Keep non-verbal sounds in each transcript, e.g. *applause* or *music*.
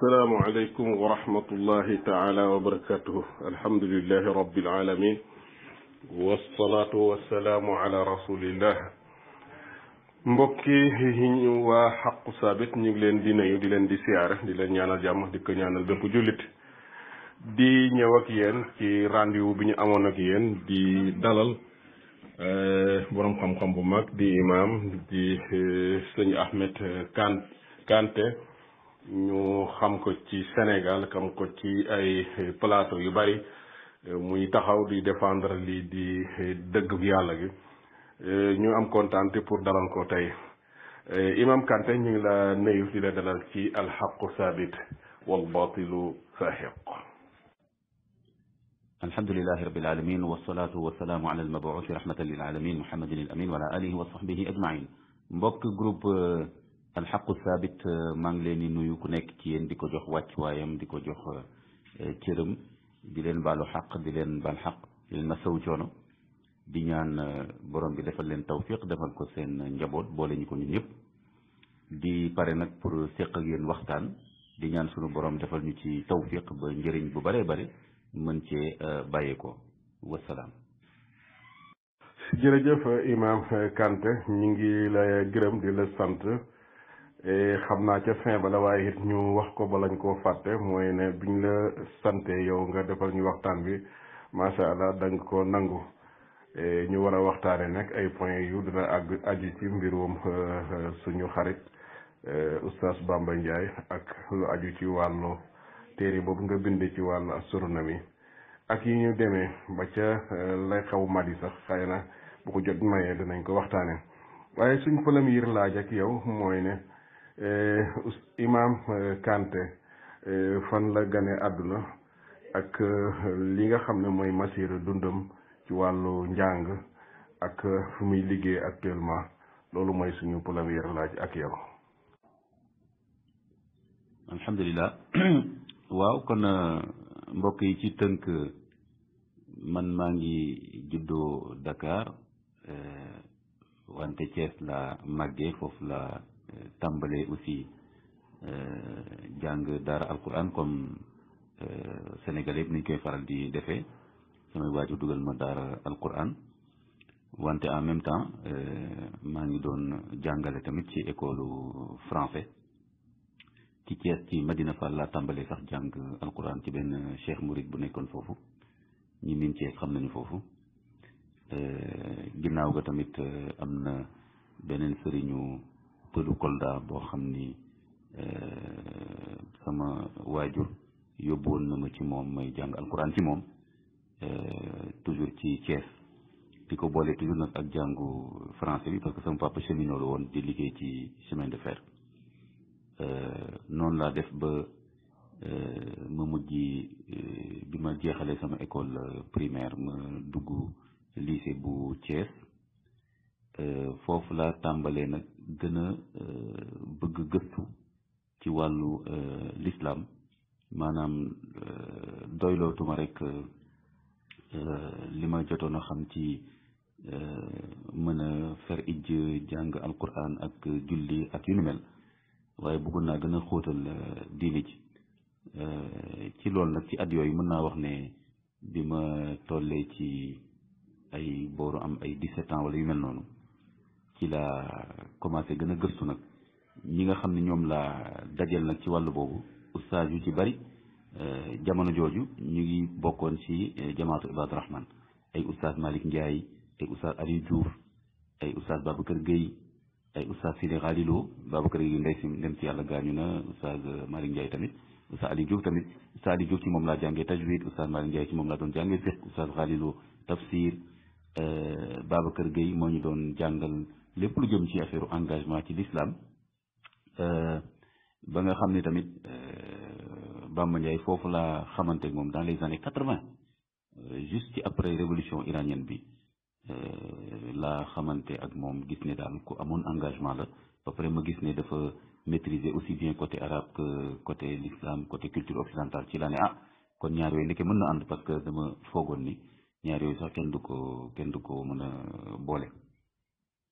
asalaamualeykum wa rahmatullahi taala wa barakatuhu alhamdulilahi rabbil alamin wasalaatu wasalaamu ala rasulillah mbokki yi ñu waa xaqu saabit ñu ngi leen di nuyu di leen di siyaare di leen ñaanal jàmm di ko ñaanal bépp jullit di ñëw ak yéen ci rendez-vous bi ñu amoon ak yéen di dalal euh, borom xam-xam bu mag di imam di euh, sëñ Ahmed Kan Kanté ñu xam ko ci senegal xam ko ci ay plateau yu bari muy taxaw di défendre lii di dëgg yàlla gi ñu am kontaan pour dalal ko tey Imam Kanté ñu ngi la nuyu di la dalal ci alxaqu saabit wal baatilu saaxiq alhamdulilahi rabbil alamin wasalaatu wasalaamu ala almabuusi rahmatan lil alamin muhammadin al amin wa ala alihi wa sahbihi ajmain mbokk groupe alxaqu saabit maa ngi leen di nuyu ku nekk ci yéen di ko jox wàccuwaayam di ko jox eh, cëram di leen baalu xaq di leen baal xaq di leen masawu coono di ñaan eh, borom bi defal leen tawfiq defal ko seen njaboot boole ñu ko ñun ñëpp di pare nag pour séq ak yéen waxtaan di ñaan sunu borom defal ñu ci tawfiq ba njëriñ bu bëree bëri mën cee eh, bàyyeekoo wasalaam. jërëjëf Imaam Kanté ñu ngi la gërëm di la sant. Eh, xam naa ca fin la waaye it ñu wax ko ba lañ koo fàtte mooy ne biñ la sante yow nga defal ñu waxtaan bi macha allah da nga ko nangu eh, ñu war a waxtaane nag ay point yu dina ak aju ci mbirum eh, suñu xarit oustaz Bamba Ndiaye ak lu aju ci wàllu téere boobu nga bind ci wàllu astronomie ak yi ñu demee ba ca lay xaw madi sax xëy na bu ko jot mayee dinañ ko waxtaane waaye suñ premier laaj ak yow mooy ne Eh, imam eh, Kanté eh, fan la gane àdduna ak li nga xam ne mooy masir dundam ci wàllu njàng ak fu muy liggéey actuellement loolu mooy suñu premier laaj ak yow. alhamdulilah *clears throat* waaw kon mbokk yi ci tënk man maa ngi juddoo Dakar wante Thiès la màggee foofu la tàmbalee aussi euh, jàng daara alquran comme euh, sénégalais yëpp ni koy faral di defee samay waajur dugal ma daara alquran wante en même temps euh, maa ngi doon jàngale tamit ci école français ci Thiès ci Madina Fall laa tàmbalee sax jàng alquran ci benn cheikh Mouride bu nekkoon foofu ñi xam nañu foofu ginnaaw ga tamit am na beneen sëriñu pëlu Kolda boo xam ni euh, sama waajur yóbbuwoon na ma ci moom may jàng alquran ci moom euh, toujours ci Thiès di ko boole toujours nag ak jàngu français bi parce que sama papa cheminot la woon di liggéey ci semaine de fer euh, noonu laa def ba ma mujj bi ma jeexalee sama école primaire ma dugg lycée bu Thiès foofu laa tàmbalee nag gën a euh, bëgg gëstu ci wàllu euh, lislaam maanaam euh, doylootuma rekk li ma jotoon a xam ci mën a fer ij jàng alquran ak julli ak yu nu mel waaye bëggoon naa gën a xóotal diine ji ci lool nag ci at yooyu mën naa wax ne bi ma tollee ci ay booru am ay 17 ans wala yu mel noonu ci la commencé gën a gëstu nag ñi nga xam ne ñoom laa dajal nag ci wàllu boobu ustaas yu ci bari eh, jamono jooju ñu ngi bokkoon ci eh, jamaatu Ibaadu Rahman ay ustaas Malick Ndiaye ay ustaas Aliou Diouf ay ustaas kër Gueye ay ustaas Sidi Khalilou Babacar Gueye ndey si dem ci yàlla gaañu na ustaas eh, Malick Ndiaye tamit ustaas Aliou Diouf tamit ustaas Aliou Diouf ci moom laa jàngee tajwid ustaas Malick Ndiaye ci moom laa doon jàngee fiqh ustaas Khalilou tafsir Babacar Gueye moo ñu doon lepp lu jëm ci affaire engagement ci l'islam euh, ba nga xam ne tamit euh, Bamba ndiay foofu la xamante ak moom dans les années quatre-vingt euh, juste ci après révolution iranienne bi la xamante ak moom gis ne daal ku amoon engagement la ba pare ma gis ne dafa maîtriser aussi bien côté arabe que côté l'islam côté culture occidentale ci laa ne ah kon ñaar yooyu ndeke mën na ànd parce que dama foogoon ni ñaar yooyu sax kenn du ko kenn du ko mën a boole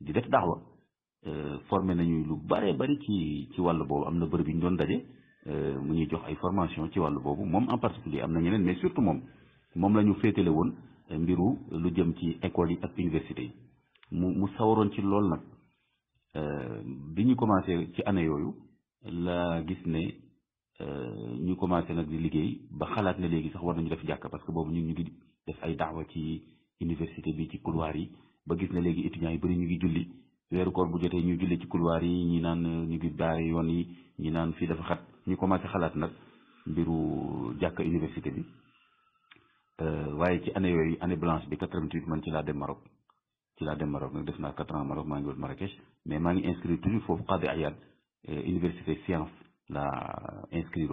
di def daawa euh, formé nañu lu bare bari ci ci wàll boobu am na bërëb yi ñu doon daje euh, mu ñuy jox ay formation ci wàll boobu moom en particulier am na ñeneen mais surtout moom moom la ñu féetale woon euh, mbiru lu jëm ci école yi ak université yi mu mu sawaroon ci lool nag bi ñu commencé ci année yooyu la gis ne ñu commencé nag di liggéey ba xalaat ne léegi sax war nañu def jàkk parce que boobu ñu ngi def ay daawa ci université bi ci couloir yi ba gis ne léegi étudiants yi bëri ñu ngi julli weeru koor bu jotee ñu julli ci couloir yi ñi naan ñu ngi daare yoon yi ñi naan fii dafa xat ñu commencé xalaat nag mbiru jàkka université bi euh, waaye ci année yooyu année blanche bi 88 man ci laa ci laa dem def naa 4 ans Maroc maa ngi woon Marrakech mais maa ngi inscrit toujours foofu Qadi Ayad euh, université science laa inscrire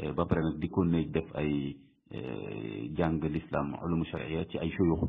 euh, ba pare nag di ko def ay jàng l'islam ulumu sharia ci ay shuyukh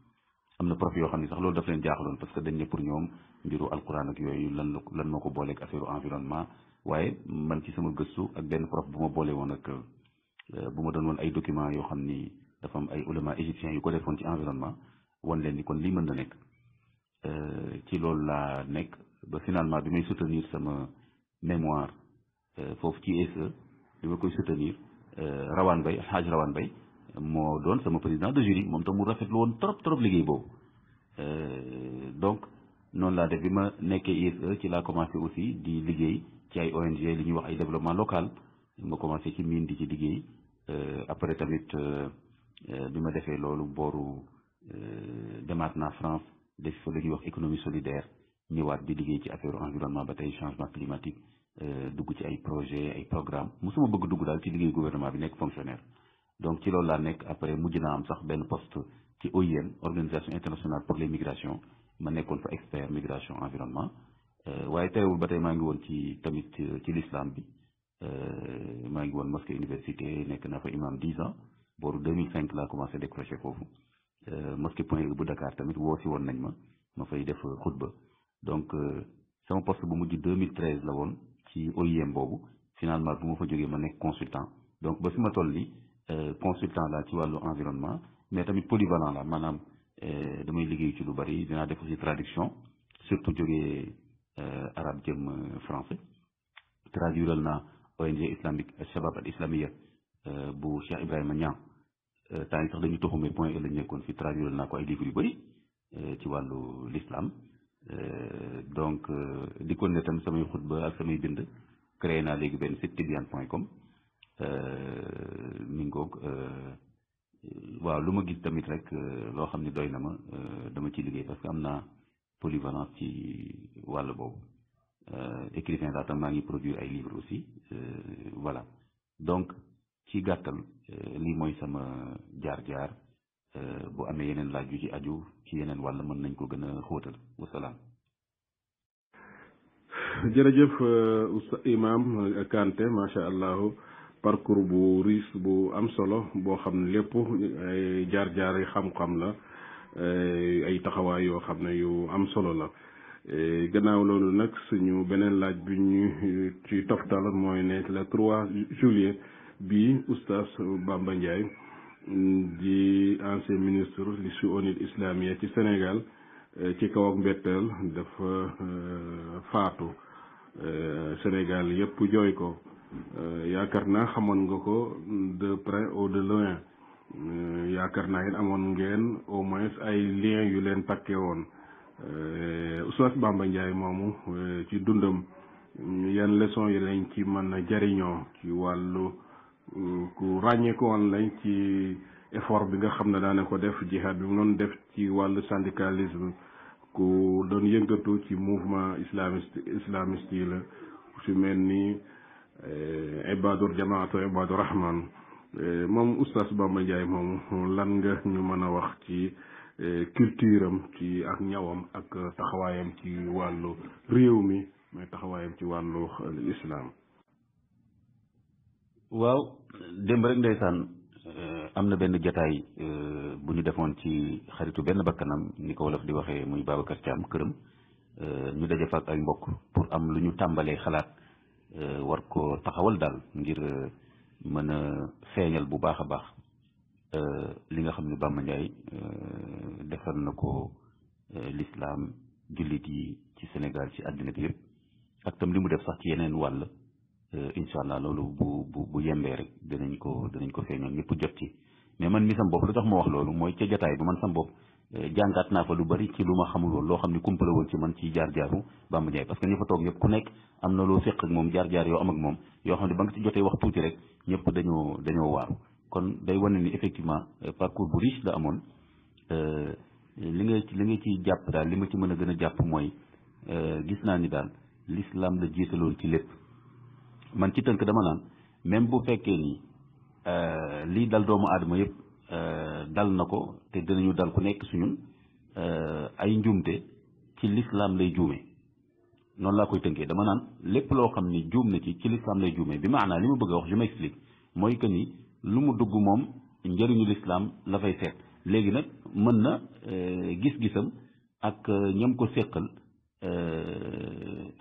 am na prof yoo xam ne sax loolu daf leen jaaxaloon parce que dañ ne pour ñoom mbiru alquran ak yooyu lan la lan moo ko booleeg affaire environnement waaye man ci sama gëstu ak benn prof bu ma boole woon ak euh, bu ma doon woon ay documents yoo xam ni dafa am ay ulama égyptiens yu ko defoon ci environnement wan leen ni kon lii mën na nekk euh, ci loolu laa nekk ba finalement bi may soutenir sama mémoire euh, foofu ci ESE bi ma koy soutenir Rawane Mbaye xaaj Rawane Mbaye moo doon sama président de jury mom tam mu rafetlu won trop trop bob euh donc non la def ma ISE e ci la commencé aussi di liggéey ci ay ONG li ñuy wax ay développement local ma commencé ci mine di ci euh après tamit euh, euh, bi ma lolu boru booru euh, demaat naa France def fa li wax économie solidaire ñëwaat di liggéey ci affaire environnement ba tey changement climatique dugg ci ay projet ay programme musuma bëgg dugg daal ci liggéey gouvernement bi nekk fonctionnaire donc ci qui est nekk après mujj naa am sax benn poste ci OIM organisation internationale pour l'Immigration. Je ma nekkoon expert migration environnement euh, waaye terewul ba tey maa ngi ci tamit ci l'islam bi euh, mosquée université nekk naa fa imam 10 ans booru 2005 j'ai commencé décroché foofu euh, mosquée point e bu Dakar tamit woo si woon nañ ma ma fay def xutba donc sama poste bu en 2013 la woon ci OIM boobu finalement bu ma fa jógee ma consultant donc ba fi ma euh, consultant la ci wàllu environnement mais tamit polyvalent la euh damay liggéey ci lu bari dina def aussi traduction surtout euh arabe djem euh, français traduiral naa ONG islamique euh, shabab al euh bu Cheikh Ibrahima Niang temps yi sax dañu toxume point e lañu nekkoon fi traduiral naa ko ay livres yu bari ci walu l'islam donc di ko tam samay khutba ak samay bind créé naa léegi benn site Euh, mi ngoog euh, waaw lu ma gis tamit rek euh, loo xam ne doy na ma dama ci liggéey parce que am naa polyvalence ci wàll boobu écrivain laa tam maa ngi produire ay livres aussi voilà donc ci gàttal lii mooy sama jaar-jaar bu amee yeneen laaj yu ci aju ci yeneen wàll mën nañ ko gën a xóotal wasalaam jërëjëf Oustaz Imam Kanté macha allah parcours bu riche bu am solo boo xam ne lépp ay jaar-jaar yi xam-xam la ay taxawaay yoo xam ne yu am solo la e, gannaaw loolu nag suñu beneen laaj bi ñu ci toftal mooy ne le 3 juillet bi oustaz Bamba Ndiaye di ancien ministre li su onit islamia ci senegal e, ci kaw ak mbetteel dafa e, faatu Sénégal yëpp jooy ko Euh, yaakaar naa xamoon nga ko de près ou de loin euh, yaakaar naa it amoon ngeen au moins ay lien yu leen takkee woon euh, Oustaz Bamba Ndiaye moomu ci dundam yan leçon yi lañ ci mën a jariñoo ci wàllu ku ràññeeku woon lañ ci effort bi nga xam ne daane ko def jihad bi mu doon def ci wàllu syndicalisme ku doon yëngatu ci mouvement islamiste islamiste yi la su mel nii Eh, ibadur jamaatu ibadu rahman eh, moom oustaz Bamba Ndiaye moom lan nga ñu mën a wax ci eh, culture ci ak ñawam ak taxawaayam ci wàllu réew mi mais taxawaayam ci wàllu islam. waaw démb rek ndeysaan am na benn jataay bu ñu defoon ci xaritu benn bakkanam ni ko wolof di waxee muy Babacar Thiam këram ñu daje fa ak ay mbokk pour am lu ñu tàmbalee xalaat. Euh, war ko taxawal daal ngir euh, mën a feeñal bu baax a baax euh, li nga xam ne Bamba Ndiaye defal na ko lislaam jullit yi ci Sénégal ci àddina bi yëpp ak tam li mu def sax ci yeneen wàll incha allah loolu bu bu bu yembee rek dinañ ko dinañ ko feeñal ñëpp jot ci mais man mi sam bopp lu tax ma wax loolu mooy ca jotaay bu man sam bopp Eh, jàngaat naa fa lu bari ci lu ma xamul loo xam ne kumpala woon ci man ci jaar-jaaru Bamba Ndiaye parce que ñi fa toog ñëpp ku nekk am na loo séq ak moom jaar-jaar yoo am ak moom yoo xam ne ba nga ci jotee wax tuuti rek ñëpp dañoo dañoo waaru kon day wane ni effectivement eh, parcours bu riche la amoon li eh, nga li nga ci jàpp daal li ma ci mën a gën a jàpp mooy gis naa ni daal l'islam la jiitaloon ci lépp man ci tënk dama naan même bu fekkee ni lii dal doomu aadama yëpp Euh, dal na ko te dinañu dal ku nekk suñu euh, ay njuumte ci lislaam lay juume noonu laa koy tënkee dama naan lépp loo xam ni juum na ci ci lislaam lay juume bi maanaa li ma bëgg a wax je m'explique mooy que ni lu mu dugg moom njëriñu lislaam la fay seet léegi nag mën na euh, gis-gisam ak ñam ko séqal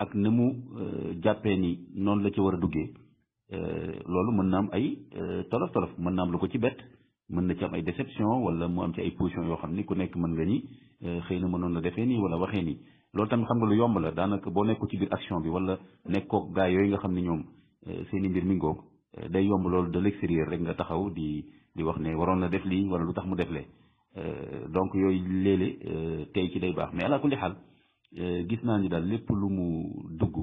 ak na mu jàppee ni noonu la ci war a duggee loolu mën na am ay tolof tolof mën na am lu ko ci bett mën na ci am ay déception wala mu am ci ay position yoo xam ni ku nekk mën nga ni xëy na mënoon na defee nii wala waxee nii loolu tamit xam nga lu yomb la daanaka boo nekku ci biir action bi wala nekkoog gaa yooyu nga xam ne ñoom seen i mbir mi ngoog day yomb loolu de l'extérieur rek nga taxaw di di wax ne waroon na def lii wala lu tax mu def lee donc yooyu léeg-léeg tey ci day baax mais ala kulli xaal gis naa ni daal lépp lu mu dugg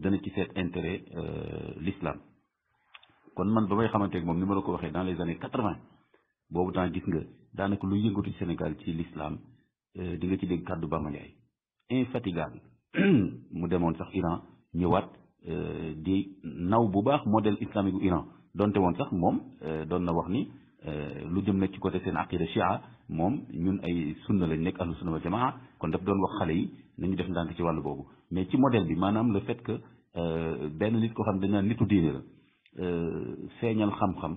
dana ci seet intérêt l'islam kon man ba may xamanteeg moom ni ma la ko waxee dans les années quatre-vingt boobu temps gis nga daanaka lu yëngatu Sénégal ci lislaam euh, di nga ci dégg kàddu Bamba Ndiaye infatigable *clears throat* mu demoon sax Iran ñëwaat euh, di naw bu baax modèle islamique bu Iran donte woon sax moom euh, doon na wax ni lu jëm nag ci côté seen aqida chia moom ñun ay sunna lañ nekk ahlu sunna wal jamaa kon daf doon wax xale yi nañu def ndànk ci wàllu boobu mais ci modèle bi maanaam la fait que benn nit ko xam dañ naan nitu diine la feeñal xam-xam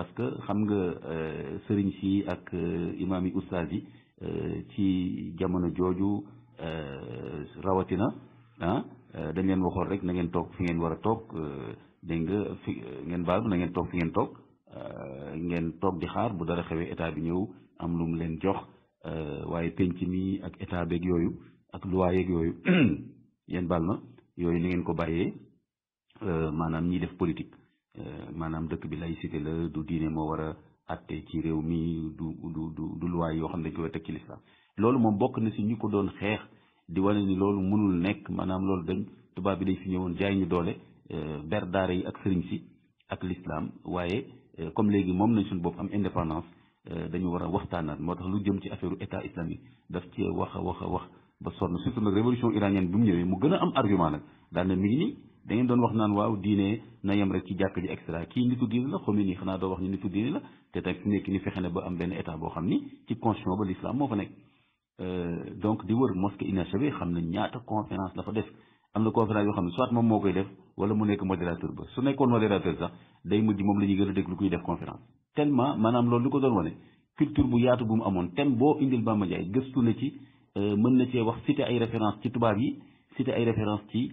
parce que xam nga euh, sëriñ si ak euh, imaam yi ustaas yi euh, ci jamono jooju rawatina ah dañ leen waxoon rek na ngeen toog fi ngeen war a toog dégg nga fi ngeen baal na ngeen toog fi ngeen toog ngeen toog di xaar bu dara xewee état bi ñëw am lu mu leen jox waaye penc mi ak état beeg yooyu ak loi yeeg yooyu *clears throat* yéen baal ma yooyu ni ko bàyyee maanaam ñiy def politique. Euh, maanaam dëkk bi laïcité la du diine moo war a atte ci réew mi du du du du yoo xam ne dañ koy teg ci lislaam loolu moom bokk na si ñu ko doon xeex di wane ni loolu mënul nekk maanaam loolu dañ tubaab bi dañ fi ñëwoon jaay ñu doole euh, ber daara yi ak sëriñ si ak lislaam waaye euh, comme léegi moom nañ suñu bopp am indépendance dañu war a waxtaanaat moo tax lu jëm ci affaire état islamique daf ci wax a wax a wax ba sonn surtout nag révolution iranienne bi mu ñëwee mu gën a am argument da ngeen doon wax naan waaw diine na yem rek ci jàkk ji extra kii nitu diine la xome xanaa doo wax ni nitu diine la te tamit fi nekk ni fexe na ba am benn état boo xam ni ci constitution ba l'islam moo fa nekk euh, donc di wër mosquée xam na ñaata conférence la def am na conférence yoo xam ne soit moom moo koy def wala mu nekk modérateur ba su nekkoon modérateur sax day mujj moom la ñuy gën a lu kuy def conférence tellement maanaam loolu lu ko doon wane culture bu yaatu bu mu amoon thème boo indil Bamba Ndiaye gëstu na ci euh, mën na cee wax cité ay référence ci tubaab yi cité ay référence ci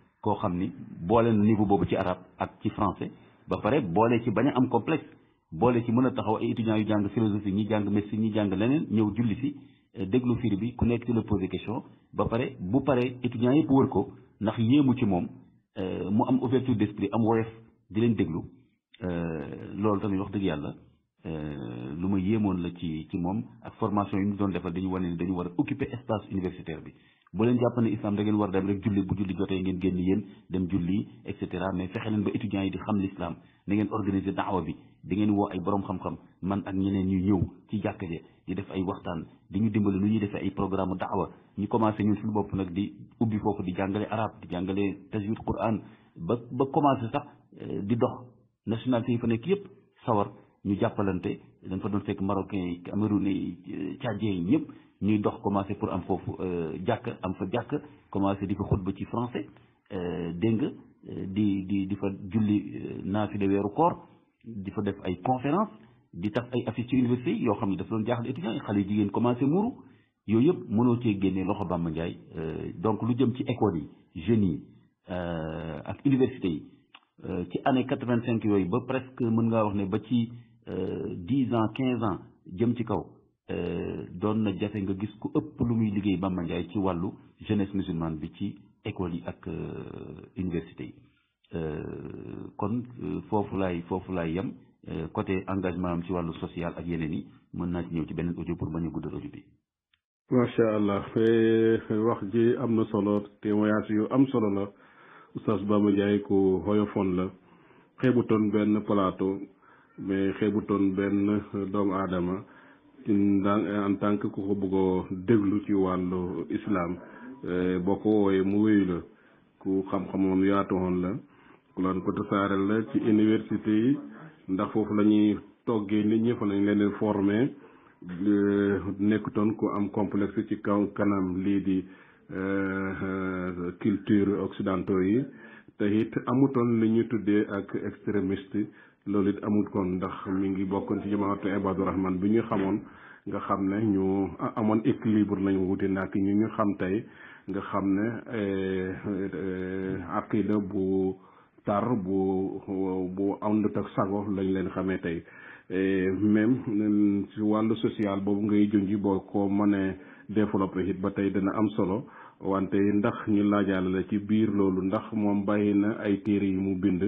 koo xam ni boole niveau boobu ci arab ak ci français ba pare boole ci bañ am complexe boole ci mën a taxaw ay étudiants yu jàng philosophie ni jàng médecine ni jàng leneen ñëw julli si eh, déglu fiir bi ku nekk di la poser question ba pare bu pare étudiants yëpp wër ko ndax yéemu ci moom eh, mu am ouverture d'esprit am ouais di leen déglu eh, loolu tamit wax dëgg yàlla lu ma yéemoon la ci ci mom ak formation yi ñu doon defal dañu wane ni dañu war a occuper espace universitaire bi bu leen jàpp ne islam da ngeen war dem rek julli bu julli jotee ngeen génn yéen dem julli et cetera mais fexe leen ba étudiants yi di xam l'islam da ngeen organiser daawa bi da ngeen woo ay borom xam-xam man ak ñeneen ñu ñëw ci jàkka ja di def ay waxtaan di ñu dimbali lu ñuy defee ay programme daawa ñu commencé ñun suñu bopp nag di ubbi foofu di jàngale arab di jàngale tajwid quran ba ba commencé sax euh, di dox nationalité yi fa nekk yëpp sawar ñu jàppalante dañ fa fekk marocain yi camerounais yi euh, tchadien yi ñëpp ñuy dox commencé pour am foofu euh, jàkk am fa jàkk commencé di fa xutba ci français euh, dégg nga euh, di di di fa julli fi de weeru koor di fa def ay conférence di tax ay affiche ci université yoo xam ne dafa doon jaaxal étudiant yi xale yu jigéen commencé muuru yooyu yëpp mënoo cee génnee loxo Bamba Ndiaye donc lu jëm ci école yi jeunes yi ak université yi ci année quatre vingt cinq yooyu ba presque mën ngaa wax ne ba ci dix ans quinze ans jëm ci kaw Euh, doon na jafe nga gis ku ëpp lu muy liggéey Bamba ci wàllu jeunesse musulmane bi ci école yi ak euh, université yi euh, kon foofu laay foofu laay engagement am ci wàllu social ak yeneen yi mën naa ci ñëw ci beneen audio pour bañ a guddal audio bi. macha allah wax ji am na solo témoignage yu am solo la oustaz Bamba Ndiaye ku la xeebutoon benn plateau mais xeebutoon benn doomu aadama. Eh, en tant que ku ko bëggoo déglu ci wàllu islam eh, boo ko wooyee mu wéyu la ku xam-xamoon yaatu woon la ku loon ko tasaareel la ci université yi ndax foofu lañuy toggee nit ñi fa lañ leen formé eh, nekkutoon ku am complex ci kaw kanam lii di culture occidentaux yi te it amutoon li ñu tuddee ak extrémiste loolu it amul kon ndax mi ngi bokkoon ci jamaatu ibadu rahman bi ñu xamoon nga xam ne ñu amoon équilibre lañu naa nak ñu ñu xam tey nga xam ne eh, eh, aqida bu tar bu bu àndut ak sago lañ leen xamee tey eh, même mm, ci wàllu social boobu ngay junji boo ko mënee développé it ba tey dina am solo wante ndax ñu laajaale la ci biir loolu ndax moom bàyyi na ay téere yi mu bind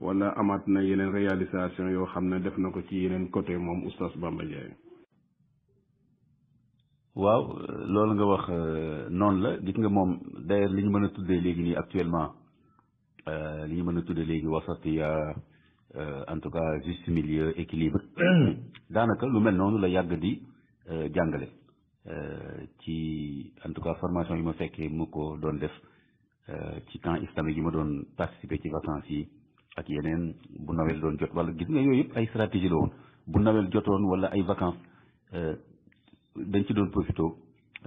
wala amaat na yeneen réalisation yoo xam ne def na ko ci yeneen côté moom oustaz Bamba Ndiaye waaw loolu nga wax euh, noonu la gis nga moom d'ailleurs li ñu mën a tuddee léegi nii actuellement euh, li ñu mën a tuddee léegi wasatiya euh, en tout cas juste milieu équilibre *clears throat* daanaka lu mel noonu la yàgg di jàngale ci en tout cas formation yi ma fekkee mu ko doon def ci temps islamique yi ma doon participer ci vacances yi ak yeneen bu nawel doon jot wala gis nga yooyu yëpp ay stratégie la woon bu nawel jotoon wala ay vacances euh, dañ ci doon profité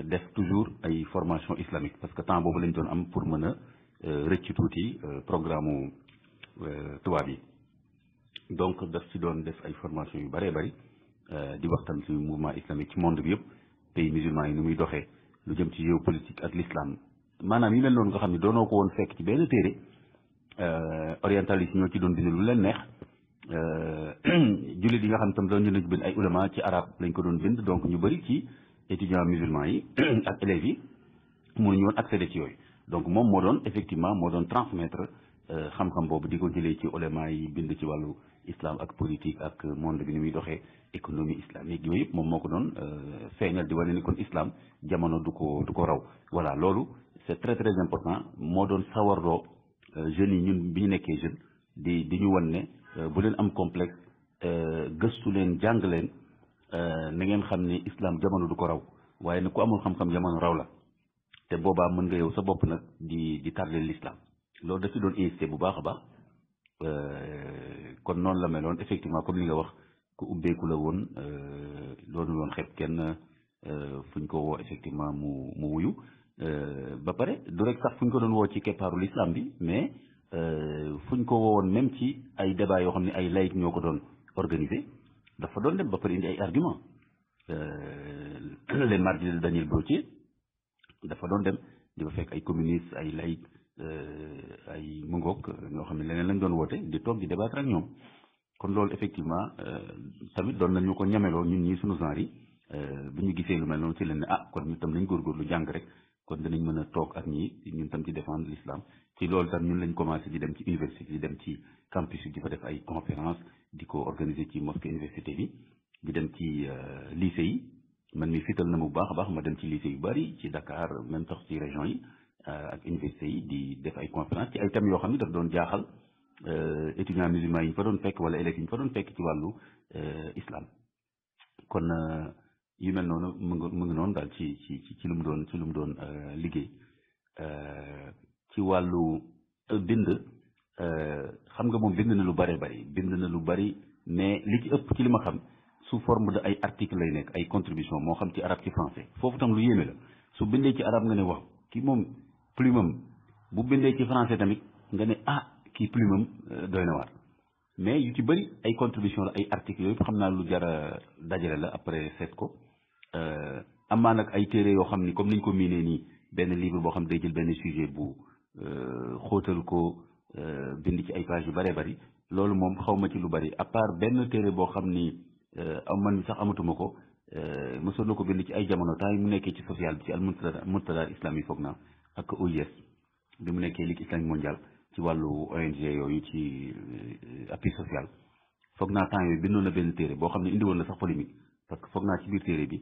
def toujours ay formation islamique parce que temps boobu lañ doon am pour mën a euh, rëcc tuuti euh, programme mu tubaab yi donc daf ci doon def ay formation yu bëree bëri di waxtaan ci mouvement islamique ci monde bi yëpp pays musulman yi ni muy doxee lu jëm ci géopolitique ak l'islam maanaam yi mel noonu nga xam ne doonoo ko Euh, orientaliste ñoo ci doon bind lu leen neex euh, *clears throat* jullit yi nga xam tam doon ñu ci bind ay ulama ci arab lañ ko doon bind donc ñu bëri ci étudiants musulmans yi *clears throat* ak élèves yi ñu woon accéder ci yooyu donc moom moo doon effectivement moo doon transmettre euh, xam-xam boobu di ko jëlee ci ulama yi bind ci wàllu islam ak politique ak monde bi ni muy doxee économie islamique yooyu yëpp moom moo ko doon feeñal di wane ni kon islam jamono du ko du ko raw voilà loolu c'est très très important moo doon sawarloo Euh, jeunes yi ñun bi ñu nekkee jeune di ñu wan ne euh, bu leen am complexe euh, gëstu leen jàng leen na ngeen xam ne islam jamono du ko raw waaye ne ku amul xam-xam jamono raw la te boobaa mën nga yow sa bopp nag di di tardeel l'islam loolu da doon insisté bu baax a baax kon noonu la meloon effectivement comme li nga wax ku ubbeeku la woon loolu loon xeeb kenn fuñ ko woo effectivement mu mu wuyu Euh, ba pare du rek sax fu ñu ko doon woo ci keppaaru l'islam bi mais euh, fu ñu ko woowoon même ci ay débat yoo xam ne ay laïc ñoo ko doon organisé dafa doon dem ba pare indi ay argument euh, *clears throat* les mardi de Daniel Brottier dafa doon dem di fa ay communiste ay laïc ay mëngook ñoo xam ne leneen lañ doon woote di toog di débattre ak ñoom kon loolu effectivement tamit doon nañu ko ñameloo ñu ñii suñu genre yi bu ñu gisee lu mel noonu ci lenn ne ah kon ñu tam nañ lu jàng rek kon danañ mën a toog ak ñi ñun tam ci défendre l'islam ci loolu tam ñun lañ commencé di dem ci université di dem ci campus yi di fa def ay conférence di ko organiser ci mosquée université bi di dem ci euh, lycée yi man mi fital na mu baax a baax ma dem ci lycée yu bari ci Dakar même sax ci région yi euh, ak université yi di def ay conférence ci ay thèmes yoo xam ne daf doon jaaxal euh, étudiants musulmans yi ñu fa doon fekk wala élèves yi ñu fa doon fekk ci wàllu islam kon yu mel noonu mu ngi mu ngi noonu daal ci ci ci lu mu doon ci lu mu doon liggéey ci wàllu bind xam nga moom bind na lu bëree bëri bind na lu bari mais li ci ëpp ci li ma xam sous forme de ay article lay nekk ay contribution moo xam ci arab ci français foofu tam lu yéeme la su bindee ci arab nga ne wax kii moom plumam bu bindee ci français tamit nga ne ah kii plumam doy na waar mais yu ci bëri ay contribution la ay articles yooyu xam naa lu jara dajale la après seet ko Euh, amaa nag ay téere yoo xam ni comme niñ ko miinee nii benn livre boo xam day jël benn sujet bu euh, xootal ko euh, bind ci ay page yu bëree bari loolu moom xaw ma ci lu bari à part benn téere boo xam ni man sax amatuma ko mësoon ko ci ay jamono temps mu nekkee ci social bi ci al muntada islam yi foog naa ak OIS bi mu nekkee ligue islamique mondiale ci wàllu ONG yooyu ci appui social foog naa temps yooyu bindoon na benn téere boo xam ne indiwoon na sax polémique parce que foog naa ci biir téere bi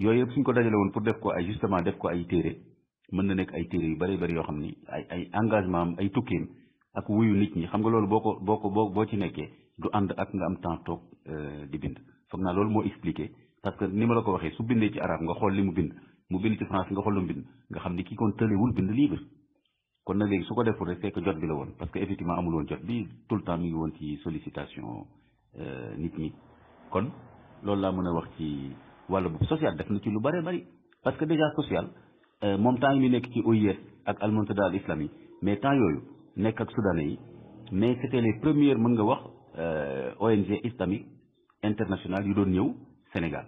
yooyu yëpp suñ ko dajale woon pour def ko ay justement def ko ay téere mën na nekk ay téere yu bari bari yoo xam ni ay ay engagement am ay tukkeem ak wuyu nit ñi xam nga loolu boo ko boo ko boo ci nekkee du ànd ak nga am temps toog euh, di bind foog naa loolu moo expliqué parce que ni ma la ko waxee su bindee ci arab nga xool li mu bind mu bind ci français nga xool lu mu bind nga xam ni kii kon tëlewul bind livre kon nag léegi su ko deful rek fekk jot la woon parce que effectivement amul woon jot bi tout le temps mi ngi woon euh, nit ñi kon laa mën a wax ci wala bu social def na ci lu bëree bëri parce que déjà social euh, moom temps yi mu nekk ci OIS ak almontada al islami mais temps yooyu nekk ak soudanais yi mais c'était les premières mën nga wax euh, ONG islamique internationale yu doon ñëw Sénégal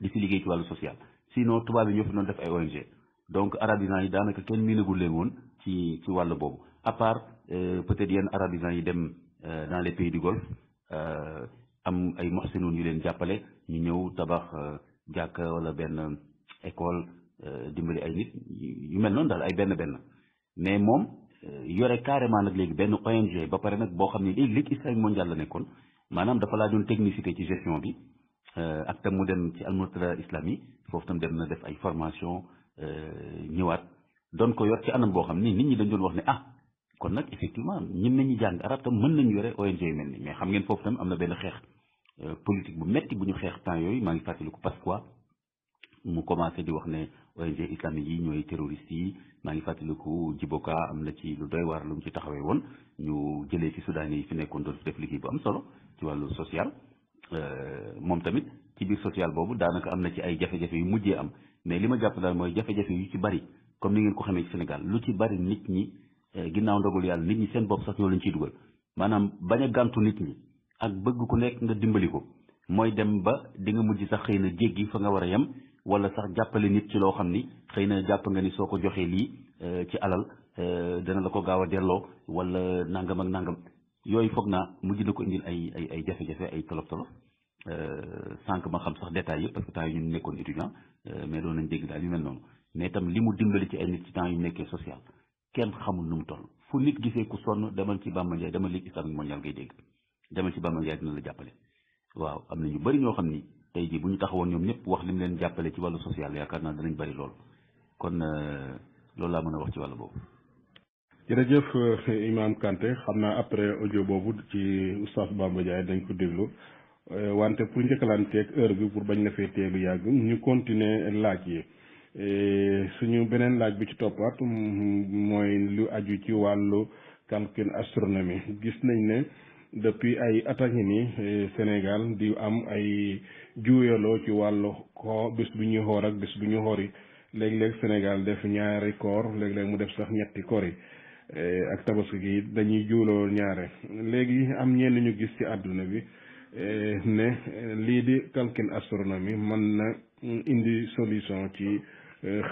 di fi liggéey ci wàllu social sinon tubaab yi ñoo fi doon def ay ONG donc arabisants yi daanaka kenn miinagul leen woon ci wàll boobu à part euh, peut-être yenn arabisants yi dem dans les pays du Golfe am ay moxsinuun yu leen jàppale ñu ñëw tabax euh, jàkka wala benn euh, école euh, dimbali ay nit yu mel noonu daal ay benn benn mais moom yore carrément nag léegi benn ONG ba pare nag boo xam ne léegi ligue islamique mondiale la maanaam dafa laa doon technicité ci gestion bi ak tam mu dem ci almuntala islam yi foofu tam dem na def ay formation ñëwaat doon ko yor ci anam boo xam ni nit ñi dañ doon wax ne ah kon nag effectivement ñun nañu jàng arab tam mën nañu yore ONG mel nii mais xam ngeen foofu tam am na benn xeex Euh, politique bu metti bu ñu xeex temps yooyu maa ngi fàttaliku parce que mu commencé di wax ne ONG islamique yi ñooy terroriste yi maa ngi fàttaliku Djiboka am na ci lu doy waar lu mu taxawee woon ñu jëlee fi Soudan yi fi nekkoon doon fi def liggéey bu am solo ci wàllu social euh, moom tamit ci biir social boobu daanaka am na ci ay jafe-jafe yu mujjee am mais li ma jàpp daal mooy jafe-jafe yu ci bari comme ni ngeen ko xamee ci Sénégal lu ci bari nit ñi euh, ginnaaw ndogalu yàlla nit seen bopp sax ñoo leen ciy dugal maanaam a gàntu nit ñi. ak bëgg ku nekk nga dimbali ko mooy dem ba di nga mujj sax xëy na jéggi fa nga war a yem wala sax jàppale nit ci loo xam ni xëy na jàpp nga ni soo ko joxee lii euh, ci alal euh, dana la ko gaaw a delloo wala nangam ak nangam yooyu foog naa mujj na ko indil ay ay ay jafe-jafe ay tolof tolof euh, sànq ma xam sax détails yëpp parce que temps yi ñu nekkoon étudiant mais doon nañ dégg daal yu mel noonu mais li mu dimbali ci ay nit ci temps yu nekkee social kenn xamul nu mu toll fu nit gisee ku sonn demal ci Bamba Ndiaye demal Ligue islamique mondiale ngay dégg. demal ci bàmmeel yaa dina la jàppale waaw am na ñu bëri ñoo xam ni tey jii bu ñu taxawoon ñoom ñëpp wax li leen jàppale ci wàllu social yaakaar naa danañ bëri lool kon euh, loolu laa mën a wax ci wàllu boobu. jërëjëf euh, Imam xam naa après audio boobu ci oustaz Bamba Ndiaye dañ ko déglu euh, wante pour njëkkalanteeg heure bi pour bañ la fee teelu yàgg ñu continuer laaj yi suñu beneen laaj bi ci toppaat mm, mooy lu aju ci wàllu calcul astronomie gis nañ ne. depuis ay at a e, Sénégal di am ay juuyaloo ci wàllu ko bis bu ñuy xoor ak bis bu ñuy xoori léeg-léeg Sénégal def ñaari koor léeg-léeg mu def sax ñetti koor yi e, ak tabaski gi dañuy juuloo ñaare léegi am ñenn ñu gis ci àdduna bi e, ne lii di calcul astronomie mën na indi solution ci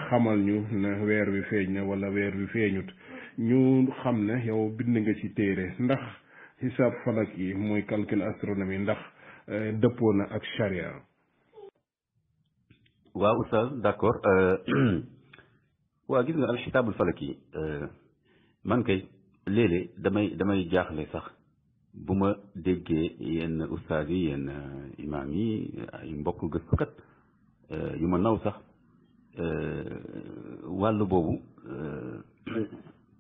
xamal ñu ne weer wi feeñ na wala weer wi feeñut ñu xam ne yow bind nga ci téere ndax xisaab falak yi muy calcul astronomie ndax euh, dëppoo na ak charia waaw oustaz d'accord euh, *clears throat* waa gis nga al xisaabul falak yi euh, man kay léeg damay damay jaaxle sax bu ma déggee yenn oustaz yi yenn imaam yi ay mbokk gëstukat yu ma naw sax wàll boobu *clears throat*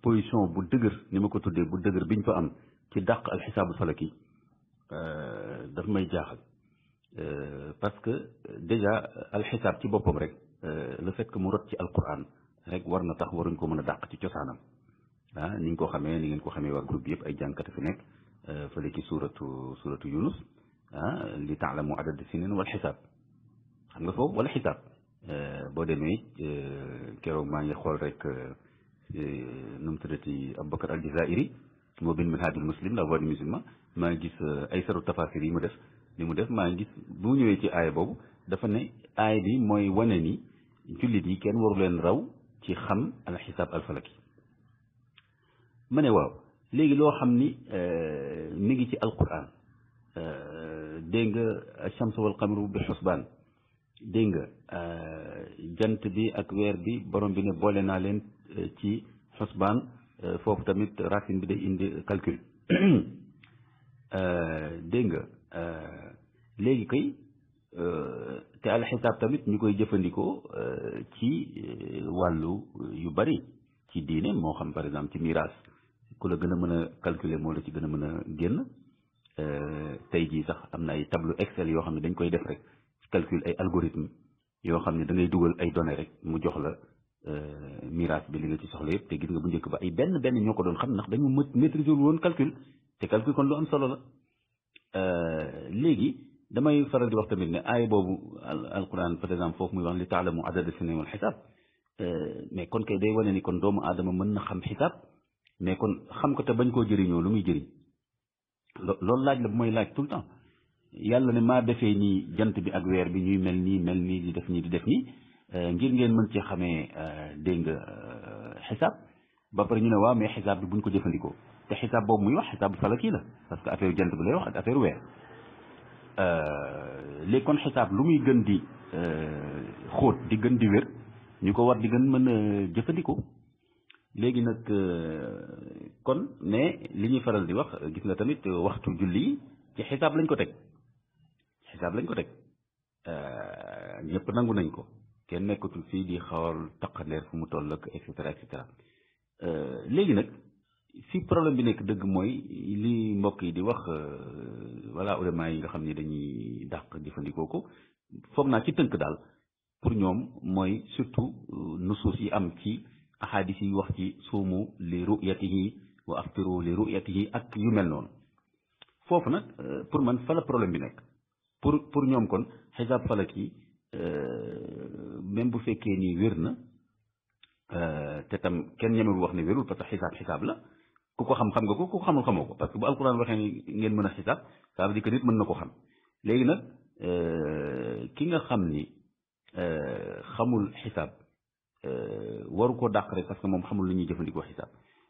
position bu dëgër ni ma ko tuddee bu dëgër biñ ko am ci dàq al xisaabu falaki euh daf may jaaxal parce que déjà al hisab ci bopom rek le fait que mu rot ci al qur'an rek war na tax waruñ ko meuna a dàq ci ciosanam ha ni ngi ko xamé ni ngi ko xamé wa groupe yëpp ay jànkate fi nekk fële ci suuratu suuratu yunus ha li ta'lamu adad sinin wal hisab xam nga fofu wal hisab euh bo demé euh kéro ma ngi xol rek nu mu tuddati Aboubacar al Jazairi وبين مهاد المسلم لا بد من زما ما يجلس أي سر التفاسير يمدف يمدف ما يجلس بني ويجي آية بابو دفن آية دي ما يوانني كل دي كان ورلين راو كي خم على حساب الفلكي من واو ليه لو خمني نيجي في القرآن دينغ الشمس والقمر بحسبان دينغ جنت بي أكوير بي برون بين بولين علين كي حسبان Euh, foofu tamit racine bi day indi calcul *clears throat* euh, dégg nga euh, léegi kay te alxisaab tamit ñu koy jëfandikoo ci wàllu yu bari ci diine moo xam par exemple ci miraas ku la gën a mën a calculer moo la ci gën a mën a génn tey jii sax am na ay tableau Excel yoo xam ne dañ koy def rek ci calcul ay algorithme yoo xam ne da ngay dugal ay données rek mu jox la Euh, miraas bi li nga ci soxla yëpp te gis nga bu njëkk ba ay benn benn ñoo ko doon xam ndax dañu mët maîtriser wul woon calcul te calcul kon lu am solo la euh, léegi damay faral di wax tamit ne aaya boobu alquran par exemple foofu muy wax li taalamu adada sinin wal xisaab euh, mais kon kay day wane ni kon doomu aadama mën na xam xisaab mais kon xam ko te bañ koo jëriñoo lu muy jëriñ loolu laaj la bu may laaj tout temps yàlla ne maa defee nii jant bi ak weer bi ñuy nii mel nii di def nii di def nii Euh, ngir ngeen mën ci xamee euh, dégg nga euh, xisaab ba pare ñu ne waaw mais xisaab bi buñ ko jëfandikoo te xisaab boobu muy wax xisaabu falaki la parce que affaire jant bi lay wax ak affaire weer léegi kon xisaab lu muy gën di xóot di gën di wér ñu ko war di gën mën a jëfandikoo léegi nag kon ne li ñuy faral di wax gis nga tamit waxtu julli ci xisaab lañ ko teg xisaab lañ ko teg ñëpp nangu nañ ko kenn nekkatul fii di xawal taqandeer fu mu toll ak et cetera euh, léegi nag fi problème bi nekk dëgg mooy li mbokk yi di wax euh, voilà ulama yi nga xam ne dañuy dàq jëfandikoo ko foog naa ci tënk daal pour ñoom mooy surtout euh, nusuus yi am ci ahadis yi wax ci suumu li ru'yatihi wa aftiru li ru'yatihi ak yu mel noonu foofu nag pour man fa problème bi nekk pour pour ñoom kon xisaab falak yi même bu féké ni wërna euh te tam kenn ñemewul wax ni wérul parce que hisab hisab la ku ko xam-xam nga ko ku xamul xamoko parce que bu alcorane waxé ni ngeen mëna hisab ça veut dire que nit mëna ko xam légui nak euh ki nga xam ni euh xamul hisab euh waru ko dàq rek parce que mom xamul lu ñuy jëfëndiko hisab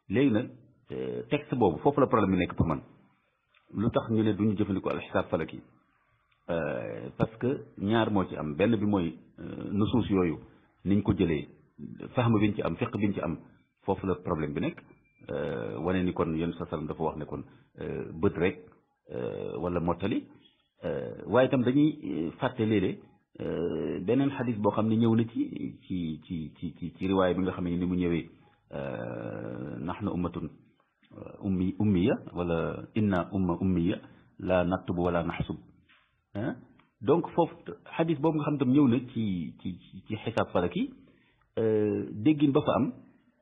légui nak euh texte bobu fofu la problème bi nekk pour man lutax ñu ne duñu jëfëndiko al xisaab falaki parce que ñaar moo ci am benn bi mooy nusuus yooyu niñ ko jëlee fahma biñ ci am fiq biñ ci am foofu la problème bi nekk wane ni kon yéen sa salam dafa wax ne kon bët rek wala mottali waaye itam dañuy fàtte léeg-léeg beneen xadis boo xam ne ñëw na ci ci ci ci ci ci riwaay bi nga xam ne ni mu ñëwee naxnu ummatun ummi ummiya wala inna umma ummiya la naktub wala naxsub donc foofu xadis boobu nga xam tam ñëw na ci ci ci xisaab falaki euh, déggin ba fa am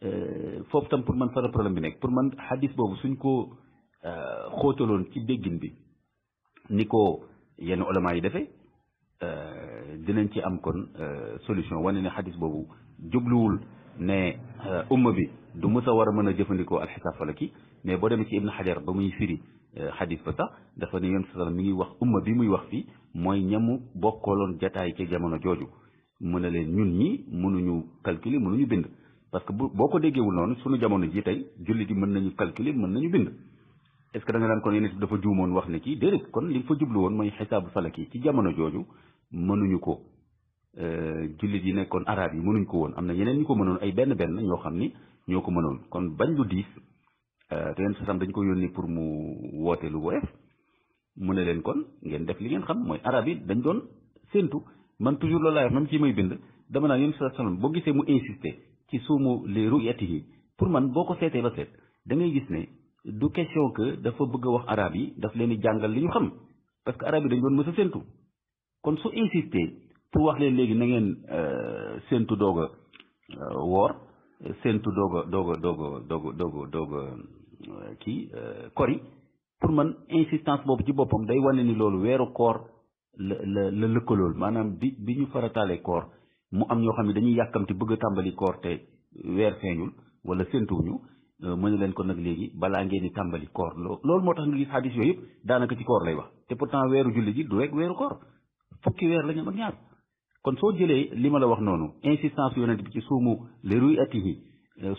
euh, foofu tam pour man fa problème bi nekk pour man xadis boobu suñ ko euh, xóotaloon ci déggin bi ni ko yenn olama yi defee dinañ ci am kon solution wane ne xadis boobu jubluwul ne umma bi du mës a war a mën a jëfandikoo alxisaab falaki mais boo demee ci ibn xajar ba muy firi xadis ba sax dafa ne yoon sasal mi ngi wax umma bi muy wax fii mooy ñamu bokkaloon jataay ca jamono jooju mën na leen ñun ñi mënuñu calculer mënuñu bind parce que bu boo ko déggeewul noonu suñu jamono ji tey julli gi mën nañu calculer mën nañu bind est-ce que da nga naan kon yeneen dafa juumoon wax ne kii déedéet kon li nga fa jublu woon mooy xisaabu falaki ci jamono jooju mënuñu ko euh, jullit yi nekkoon arab yi mënuñ ko woon am na yeneen ñu ko mënoon ay benn benn ñoo xam ni ñoo ko mënoon kon bañ lu diis Euh, te yéen sasam dañ ko yónni pour mu woote lu woyof mu ne leen kon ngeen def li ngeen xam mooy arab yi dañ doon séentu man toujours loolu laay wax même ci may bind dama naan yéen sasam boo gisee mu insister ci suumu les ruyati yi pour man boo ko seetee ba seet da gis ne du question que dafa bëgg a wax arab yi daf leen di jàngal li ñu xam parce que arab yi dañ doon mës séentu kon su insister pour wax leen léegi na ngeen euh, séentu doog euh, woor séentu doog a doog a doog a Euh, kii euh, kori pour man insistance boobu ci boppam day wane ni loolu weeru koor la la la lëkkalool maanaam bi bi ñu farataalee koor mu am ñoo xam ne dañuy yàkkamti bëgg tàmbali koor te weer feeñul wala séntuwuñu euh, mën leen ko nag léegi balaa ngeen di tàmbali koor loolu moo tax nga gis xadis yooyu yëpp daanaka ci koor lay wax te pourtant weeru julli ji du rek weeru koor fukki weer la ñu am ak ñaar kon soo jëlee li ma la wax noonu insistance yonent bi ci suumu li ruy atihi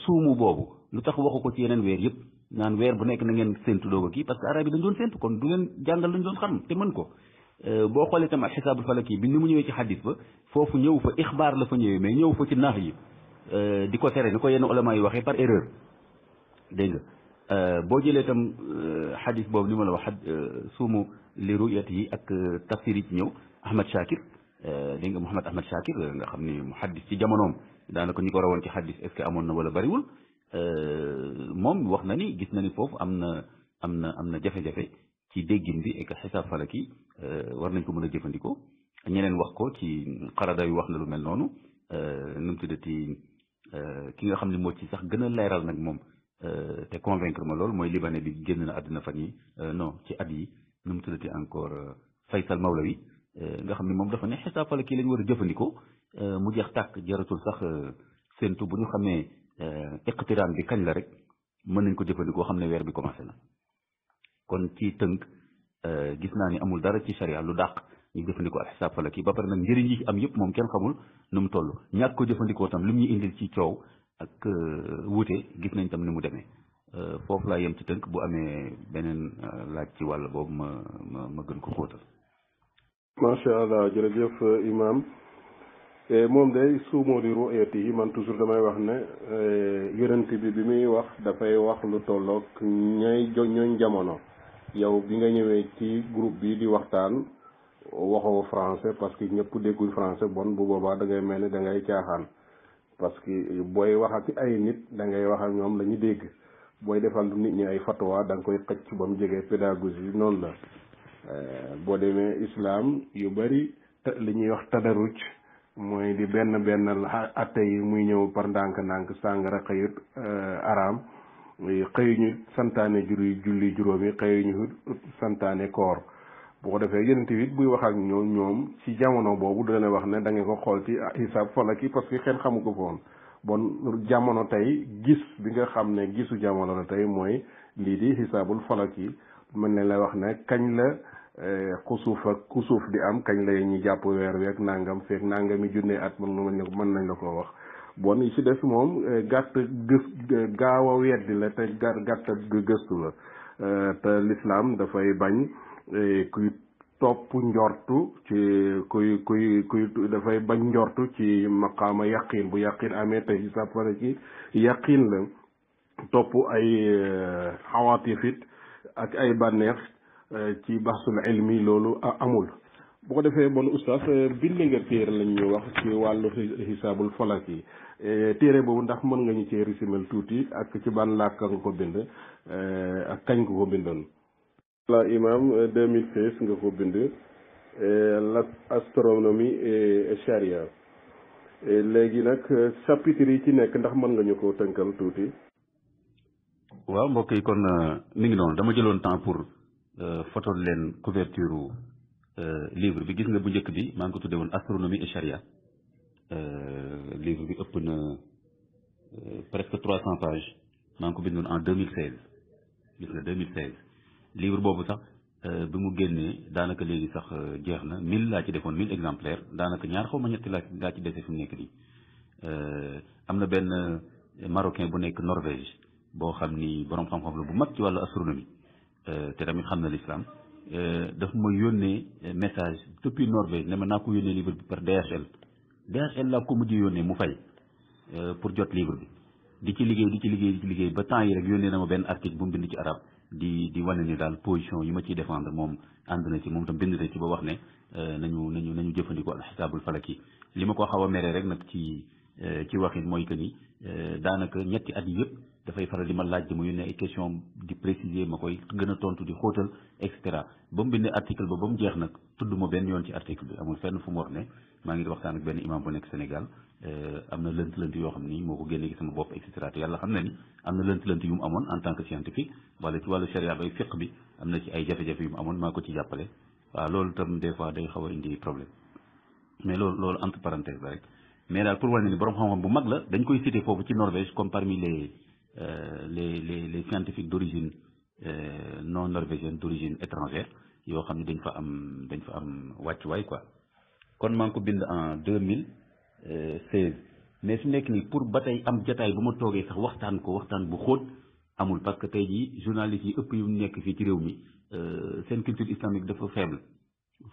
suumu boobu lu tax waxu ko ci yeneen weer yëpp naan weer bu nekk na ngeen séntu doo ko kii parce que arab yi dañ doon séntu kon du ngeen jàngal lañ doon xam te mën ko euh, boo xoolee tam al xisaabul falaki bi ni mu ñëwee ci xadis ba foofu ñëw fa ixbaar la fa ñëwee mais ñëw fa ci naax yi euh, di ko tere ni ko yenn ulama yi waxee par erreur dégg nga euh, boo jëlee tam xadis boobu ni ma la wax suumu li ruyat yi ak tafsir yi ci ñëw Ahmad Shakir dégg nga Mouhamad Ahmad Shakir nga xam ni muhaddis ci jamonoom daanaka ñi ko rawoon ci xadis est ce amoon na wala bariwul Euh, moom wax na ni gis na ni foofu am na am na am na jafe-jafe ci déggin bi et que xisaab falaki euh, war nañ ko mën a jëfandikoo ñeneen wax ko ci xarada yu wax na lu mel noonu euh, nu mu tuddati ki nga xam ne moo ci sax gën a leeral nag moom te convaincre ma lool mooy libanais bi génn na àddina fa yi no ci at yi nu mu tuddati encore Faysal Mawlawi nga xam ne moom dafa ne xisaab falaki lañ war a jëfandikoo mu jeex tàkk jaratul sax séntu bu ñu xamee Euh, iqtiraan bi kañ la rek mën nañ ko jëfandikoo xam ne weer bi commencé na kon ci tënk euh, gis naa ni amul dara ci charia lu dàq ñu jëfandikoo ak xisaab falaki ba pare nag njëriñ yi am yëpp moom kenn xamul nu mu toll ñàkk ko jëfandikoo tam li mu ñu indil ci coow ak euh, wuute gis nañ tam ni mu demee foofu laa yem ci tënk bu amee beneen laaj ci wàll boobu ma ma ma gën ko xóotal. macha allah jërëjëf imam Eh, moom day suumoo di ru'yati yi man toujours damay wax ne eh, yonent bi bi muy wax dafay wax lu tolloog ñooy ñooñ jamono yow bi nga ñëwee ci groupe bi di waxtaan waxoo français parce que ñëpp dégguñ français bon bu boobaa da ngay mel ni da ngay caaxaan parce que booy wax ak ay nit da ngay wax ak ñoom la dégg booy defal nit ñi ay fatwa danga nga koy xëcc ba mu jege pédagogie noonu la eh, boo demee islam yu bari li ñuy wax tadaruj mooy di benn benn at yi muy ñëw par ndànk-ndànk sàngara xëyut euh, araam xëyuñu santaane juri julli juróomi xëyuñu santaane koor boo ko defee yonent bi buy wax ak ñoom ñoom ci jamono boobu dana wax ne da ko xool ci xisaab falaki parce que kenn xamu ko foon bon jamono tey gis bi nga xam ne gisu jamono la tey mooy lii di xisaabul falaki mën nañ la wax ne kañ la Eh, kusuf ak xusuf di am kañ lay ñi japp wër wi ak nangam fek nangami junne at mën nañ mën nañ lako wax bon yi ci def mom eh, gatt gës gaawa wedd la te geustu la eh, te l'islam fay bañ kuy top njortu ci kuy kuy kuy fay bañ njortu ci maqama yaqin bu yaqin amé te xisaab fana ci yaqin la top ay ak ay banex Euh, ci baxsul ilmi loolu amul boo ko defee bon oustaz euh, bind nga téere lañ ñu wax ci wàllu xisaabul falak yi euh, téere boobu ndax mën nga ñu cee risimal tuuti ak ci ban làkk nga ko bind ak kañ nga ko bindoon la imam 2016 nga ko bind l'astronomie et charia léegi nag chapitre yi ci nekk ndax mën nga ñu ko tënkal tuuti waaw mbokk yi kon mi ngi noonu dama jëloon temps pour Photo euh, de couverture euh, livre bi gis nga bu de bi astronomie et charia euh, livre bi presque 300 pages man en 2016 2016. livre boobu sax bi sax mille exemplaires daanaka ñaar xaw ma ci de nekk marocain bu nekk Norvège Il xam borom xam la astronomie Euh, te tamit xam na l'islam euh, daf ma yónnee message depuis Norvège ne ma naa ko yónnee livre bi par DHL DHL laa ko mujj yónnee mu fay euh, pour jot livre bi di ci liggéey di ci liggéey liggéey ba temps yi rek yónnee na ma benn article bu mu bind ci arab di di wane ni daal position yi ma ciy défendre moom ànd na ci moom tam bind na ci ba wax ne nañu nañu nañu jëfandikoo alxisaabul falaki li ma ko xaw a meree rek nag ci ci waxin mooy que ni daanaka ñetti at yëpp. dafay faral di ma laaj di ma yónnee ay question di préciser ma koy gën a tontu di xóotal et cetera ba mu bindee article ba ba mu jeex nag tudd ma benn yoon ci article bi amul fenn fu mu war ne maa ngi waxtaan ak benn imam bu nekk Sénégal euh, am na lënt-lënt ni moo ko génnee ci sama bopp xam na ni am na lënt-lënt yu mu amoon en tant que scientifique wala ci wàllu charia bay fiq bi am na ci ay jafe-jafe yu mu amoon maa ko ci jàppale waaw loolu tam des day xaw a problème mais loolu loolu entre parenthèse koy cité foofu ci Norvège Euh, les les les scientifiques d'origine euh, non norvégienne d'origine étrangère yo xamni dañ fa am dañ fa am way quoi kon man ko bind en 2016 mais su nek ni pour batay am jataay bu ma toogee sax waxtan ko waxtan bu xoot amul parce que tay ji journalistes yi ëpp yu nek fi ci réew mi euh, sen culture islamique dafa faible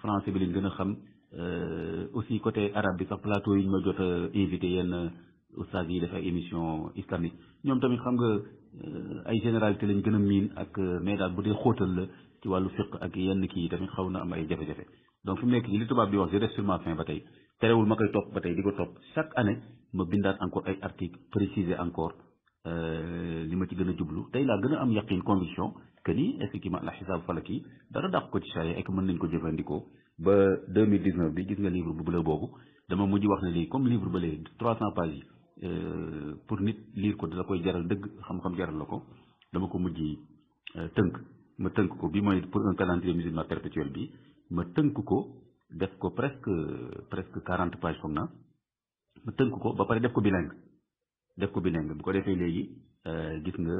français bi li gën xam euh aussi côté arabe bi sax plateau yi ma jot invité yenn oustaz yi defay émission islamique ñoom tamit xam nga ay généralité lañ gën a miin ak mais daal bu dee xóotal la ci wàllu fiq ak yenn kii tamit xaw na am ay jafe-jafe donc fi mu nekk li tubaab di wax je reste sur ma fin ba tey terewul ma koy topp ba tey di ko topp chaque année ma bindaat encore ay articles précisé encore li ma ci gën a jublu tey laa gën a am yaqin conviction que ni effectivement la xisaab falaki dara dàq ko ci charia ak mën nañ ko jëfandikoo ba 2019 bi gis nga livre bu bële boobu dama mujj wax ne lii comme livre bële 300 pages yi Euh, pour nit liir ko dala koy jaral dëgg xam-xam jaral la ko dama ko mujj euh, tënk ma tënk ko bi mooy pour un calendrier musulman perpétuel bi ma tënk ko def ko presque presque quarante pages foog na ma tënk ko ba pare def ko bilingue def ko bilingue bu ko defee léegi euh, gis nga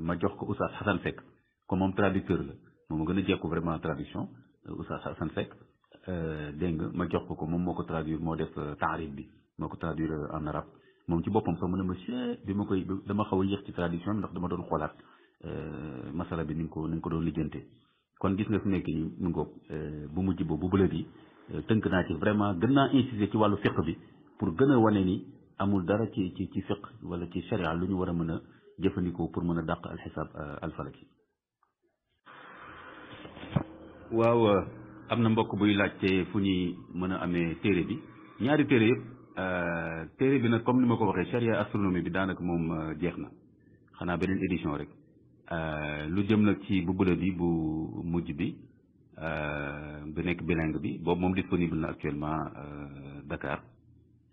ma jox ko Oustaz Assane Seck comme moom traducteur la moom ma gën a jekku vraiment traduction Oustaz Assane Seck dégg nga ma jox ko ko moom moo ko traduire moo def taarif bi moo ko moom ci boppam sax mu ne ma bi ma koy dama xaw a yéex ci tradition bi ndax dama doon xoolaat euh, masala bi ni nga ko ni nga ko doon lijjante kon gis nga fi nekk nii mu ngoog euh, bu mujj boobu bu bële euh, tënk naa ci vraiment gën naa insister ci wàllu fiq bi pour gën a wane ni amul dara ci ci ci fiq wala ci sharia lu ñu war a mën a jëfandikoo pour mën a dàq alxisaab alfalaki waaw am na mbokk buy laajte fu ñuy mën a amee téere bi ñaari téere yëpp Euh, téere bi nag comme ni ma ko waxee charia astronomie bi daanaka moom euh, jeex na xanaa beneen édition rek euh, lu jëm nag ci bu bëla bi bu mujj bi bu nekk bilingue bi boobu moom disponible na actuellement Dakar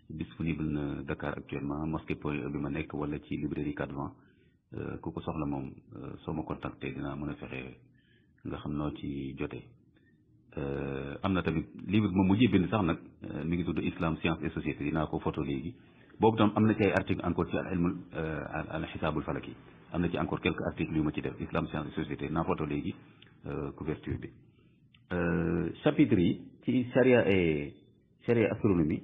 disponible na Dakar actuellement mosquée point bi ma nekk wala ci librairie quatre vents ku ko soxla moom soo ma ko contacté dinaa mën a fexe nga xam noo ci jotee Euh, am na tamit livre bi mu mujjee bind sax nag euh, mi ngi tudd islam science et société dinaa ko photo léegi boobu tam am na ci ay article encore ci euh, al ilmul al xisaabul falaki am na ci encore quelques articles yu ma ci def islam science et société dinaa photo léegi couverture bi chapitre yi ci charia et charia astronomie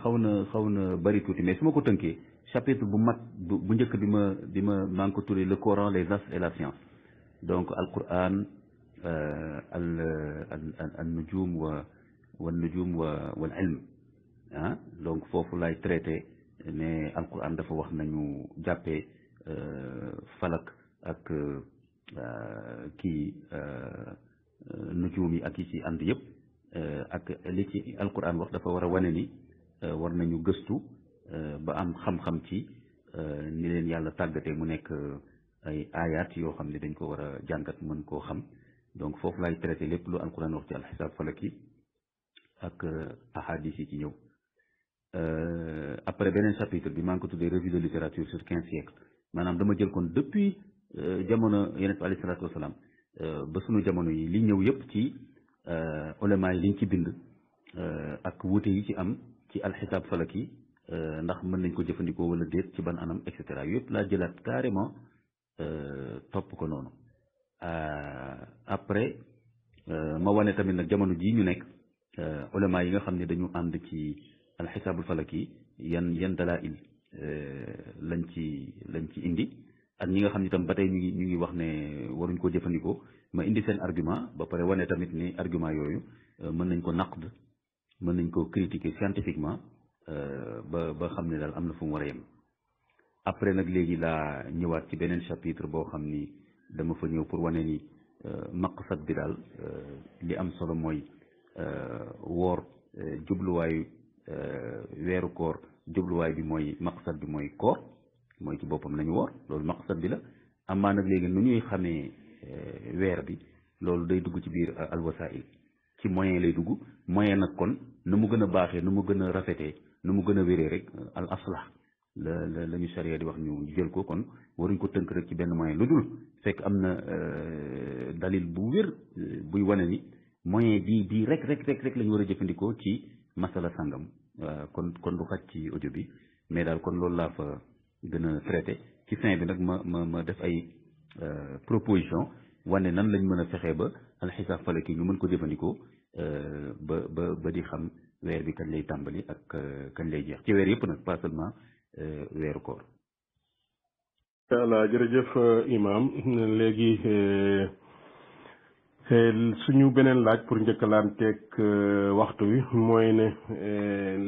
xaw na xaw na bëri tuuti mais su ma ko tënkee chapitre bu mag bu njëkk bi ma bi ma maa ngi ko tuddee le coran les astres et la science donc النجوم والنجوم والعلم ah donc foofu laay traité mais alquran dafa wax nañu jàppee falak ak kii nujum yi ak yi ci ànd yëpp ak li ci alquran wax dafa war a wane ni war nañu gëstu ba am xam-xam ci ni leen yàlla tàggatee mu nekk ay aayaat yoo xam ne dañ ko war a jàngat mën koo xam donc foofu lay traité lépp lu alquran wax ci alxisaab falaki ak euh, ahadis yi ci ñëw euh, après beneen chapitre bi maa ngi ko tuddee revue de littérature sur quinze siècles maanaam dama jël kon depuis euh, jamono yonent bi alayhi salaatu ba sunu jamono yi li ñëw yëpp ci olema yi liñ ci bind ak wuute yi ci am ci alxisaab falaki ndax mën nañ ko jëfandikoo wala déet ci ban anam et cetera yëpp laa jëlaat carrément topp ko noonu Euh, après euh, ma wane tamit nag jamono jii ñu nekk euh, ulama yi nga xam ne dañu ànd ci alxisaabul falaki yan yan dalail lañ ci lañ ci indi ak ñi nga xam ne tam ba tey ñu ngi ñu ngi wax ne waruñ koo jëfandikoo ma indi seen argument ba pare wane tamit ni argument yooyu mën nañ ko naqd mën nañ ko critiquer scientifiquement ba ba xam ne daal am na fu mu war a yem après nag léegi laa ñëwaat ci beneen chapitre boo xam ni dama fa ñëw pour wane ni euh, maqsad bi daal euh, li am solo mooy euh, woor jubluwaayu weeru koor jubluwaay bi mooy maqsad bi mooy koor mooy ci boppam nañu woor loolu maqsad bi la amaa nag léegi nu ñuy xamee weer bi loolu day dugg ci biir alwasail ci moyen lay dugg moyen nag kon nu mu gën a baaxee nu mu gën a rafetee nu mu gën a wéree rek al aslah la la la ñu di wax ñu jël ko kon waruñ ko tënk rek ci benn moyen lu dul fekk am na euh, dalil bu wér euh, buy wane ni moyen bii bii rek rek rek rek la war a jëfandikoo ci masala sàngam euh, kon kon du xaj ci audio bi mais daal kon loolu laa fa gën a traité ci fin bi nag ma ma ma def ay proposition wane nan lañ mën a fexee ba alxisaab ki ñu mën ko jëfandikoo ba ba ba di xam weer bi kañ lay tàmbali ak kañ lay jeex ci weer yëpp nag pas seulement Eh, weeru koor allah jërëjëf eh, imam *laughs* léegi eh, suñu beneen laaj pour njëkk laan njëkkalanteeg waxtu wi mooy ne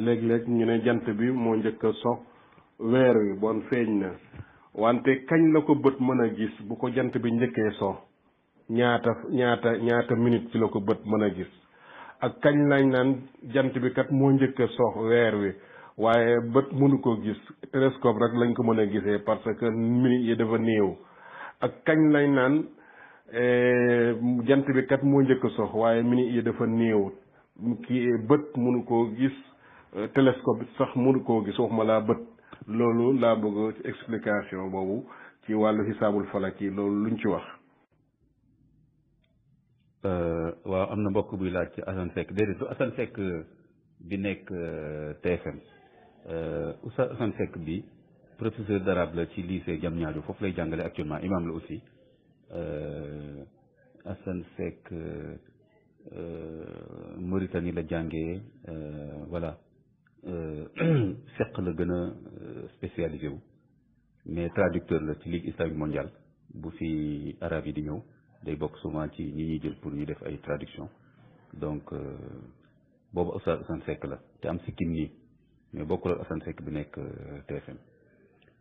léeg-léeg ñu ne jant bi moo njëkk a sox weer wi bon feeñ na wante kañ la ko bët mën a gis bu ko jant bi njëkkee sox ñaata ñaata ñaata minute ci la ko bët mën a gis ak kañ lañ naan jant bi kat moo njëkk a sox weer wi waaye bët mënu koo gis télescope rek lañ ko mën a gisee parce que minutes yi dafa néew ak kañ lañ naan eh, jant bi kat moo njëkk sox waaye minutes yi dafa néew ki bët mënu koo gis bi sax mënu koo gis waxuma laa bët loolu laa bëgg explication boobu ci wàllu xisaabul falak yi loolu luñ ci wax euh, waaw am na mbokk buy laaj ci Assane Seck déedéet du Assane Seck euh, bi nekk euh, TFM Euh, Oustaz Assane Seck bi professeur d'arabe la ci lycée Diamniadio fof lay jangalé actuellement imam la aussi euh, Assane Seck euh, Mauritanie la euh voilà *clears throat* Seck la gën spécialisé wu mais traducteur la ci ligue islamique mondiale bu fi arabe di ñëw day bok souvent ci ñi ñi jël pour ñu def ay traduction donc euh bobu Assane Seck la té am sikkim mais bokk ak Assane Seck bi nekk euh, TFM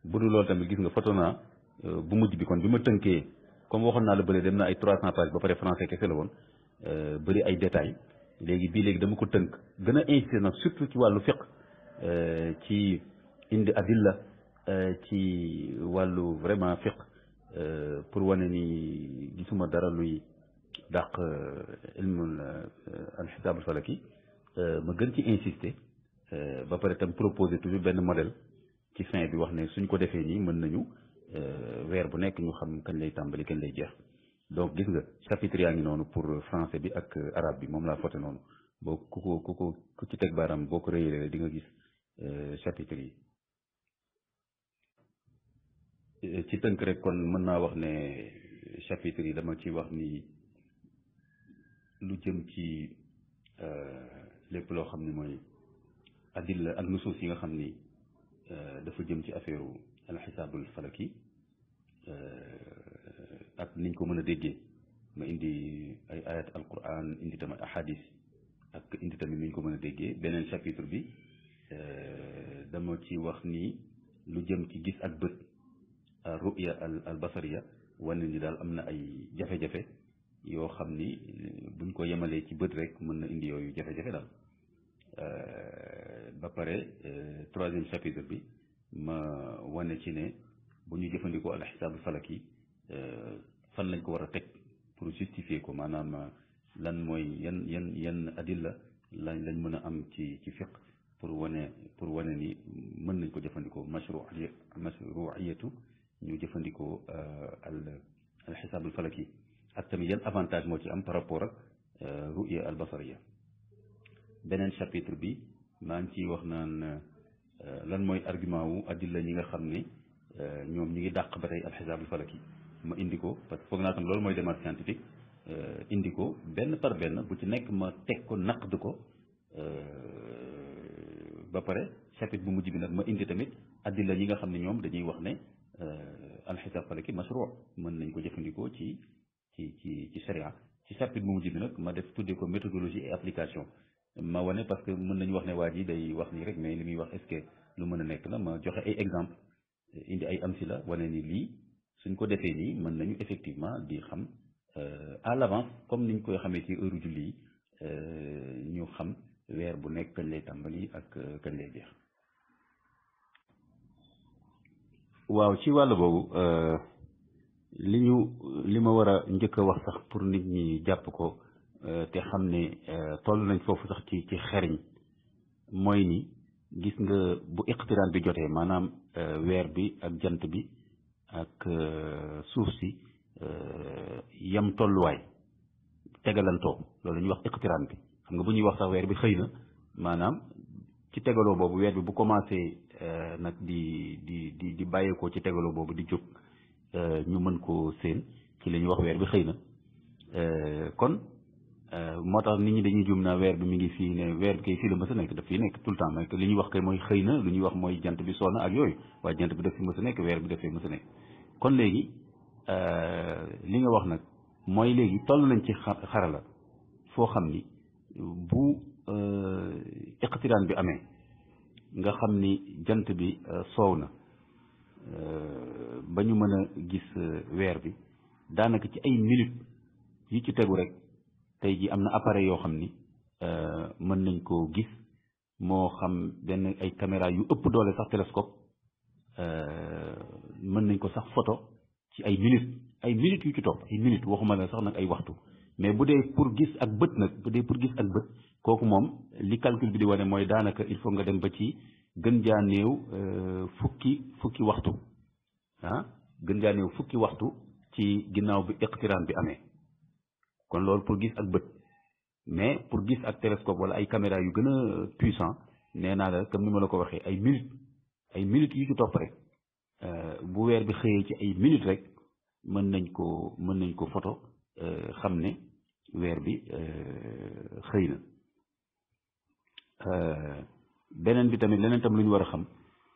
bu dul loolu tamit gis nga foto naa euh, bu mujj bi kon bi ma tënkee comme waxoon naa la bële dem na ay 300 pages ba pare français kese la euh, bëri ay détails léegi bii léegi dama ko tënk gën a insister nag surtout ci wàllu fiq ci indi ci wàllu vraiment fiq wane ni gisuma dara luy dàq ilmul alxisaabul falaki ma gën ci insister Euh, ba pare tam proposé toujours benn modèle ci fin bi wax ne suñ ko defee nii mën nañu euh, weer bu nekk ñu xam kañ lay tàmbali kañ lay jeex donc gis nga chapitre yaa ngi noonu pour français bi ak arabe bi moom laa foté noonu boo ku ko ku ko ku ci teg baaraam boo ko réyélee di nga gis euh, chapitre yi ci tënk rek kon mën naa wax ne chapitre yi dama ci wax nii lu jëm ci lépp loo xam ne mooy adilla ak nusus yi nga xam ni dafa jëm ci affaire alxisaabul falaki ak niñ ko mën a déggee ma indi ay ayat alquran indi tamit ahadis ak indi tamit niñ ko mën a déggee beneen chapitre bi dama ci wax ni lu jëm ci gis ak bët ruya al basariya wane ni daal am na ay jafe-jafe yoo xam ni buñ ko yemalee ci bët rek mën na indi yooyu jafe-jafe daal ba pare troisième chapitre bi ma wane ci ne bu ñu jëfandikoo al xisaabu falaki fan lañ ko war a teg pour justifier ko maanaam lan mooy yan yan yan adilla lañ lañ mën a am ci ci fiq pour wane pour wane ni mën nañ ko jëfandikoo mashruiya mashruiyatu ñu jëfandikoo al al xisaabul falaki ak tamit yan avantage moo ci am par rapport ak ruya al basariya beneen chapitre bi maa ngi ciy wax naan euh, lan mooy argument wu addila ñi nga xam ne euh, ñoom ñi ngi dàq ba tey alxisaabul falaki ma indi ko parce que foog naa tam loolu mooy démarche scientifique euh, indi ko benn par benn bu ci nekk ma teg ko naqd ko ba pare chapitre bu mu bi nag ma indi tamit addila ñi nga xam ne ñoom dañuy wax ne alxisaab falaki masruu mën nañ ko jëfandikoo ci ci ci ci sharia ci chapitre bu mujj bi nag ma def tuddee ko méthodologie et application ma wane parce que mën nañu wax ne waa yi day wax nii rek mais li muy wax est-ce que lu mën a nekk la ma joxe ay exemple indi ay am si la wane nii lii suñ ko defee nii mën nañu effectivement di xam euh, à l'avance comme niñ koy xamee ci heure julli yi euh, ñu xam weer bu nekk kañ lay tàmbali ak euh, kañ lay jeex. waaw ci wàll boobu li ñu li ma war a njëkk a wax sax pour nit ñi jàpp ko. Euh, te xam ne euh, toll nañ foofu sax ci ci xeriñ mooy ni gis nga bu iqtiraan bi jotee maanaam euh, weer bi ak jant bi ak suuf si yam tolluwaay tegalantoo loolu ñuy wax iqtiraan bi xam nga bu ñuy wax sax weer bi xëy na maanaam ci tegaloo boobu weer bi bu commencé nag di di di di bàyyeekoo ci tegaloo boobu di jóg ñu mën koo séen ci li wax weer bi xëy na kon Euh, moo tax nit ñi dañuy jum na weer bi mi ngi fii ne weer bi kay fii la mës a nekk daf fii nekk tout le temps li ñuy wax kay mooy xëy na lu ñuy wax mooy jant bi soo ak yooyu waaye jant bi daf fi mës a nekk weer bi daf fi kon léegi euh, li nga wax nag mooy léegi toll nañ ci xarala foo xam ni bu euh, iqtiraan bi amee nga ni jant bi soow na ba ñu mën a gis weer bi daanaka ci ay minutes yu ci tegu rek tey jii am na appareil yoo xam ni euh, mën nañ koo gis moo xam benn ay caméra yu ëpp doole sax télescope euh, mën nañ ko sax photo ci ay minutes ay minutes yu ci topp ay minutes waxuma la sax nag ay waxtu mais bu dee pour gis ak bët nag bu dee pour gis ak bët kooku moom li calcul bi di wane mooy daanaka il faut nga dem ba ci gën jaa euh, fukki fukki waxtu ah gën jaa fukki waxtu ci ginnaaw bi iqtiraan bi amee kon loolu pour gis ak bët mais pour gis ak télescope wala ay caméra yu gën a puissant nee naa la comme ma la ko waxee ay minutes ay minutes yu ci topp rek euh, bu weer bi ci ay minutes rek mën nañ ko mën nañ ko photo euh, xam ne weer bi euh, xëy beneen bi tamit leneen tam lu ñu war a xam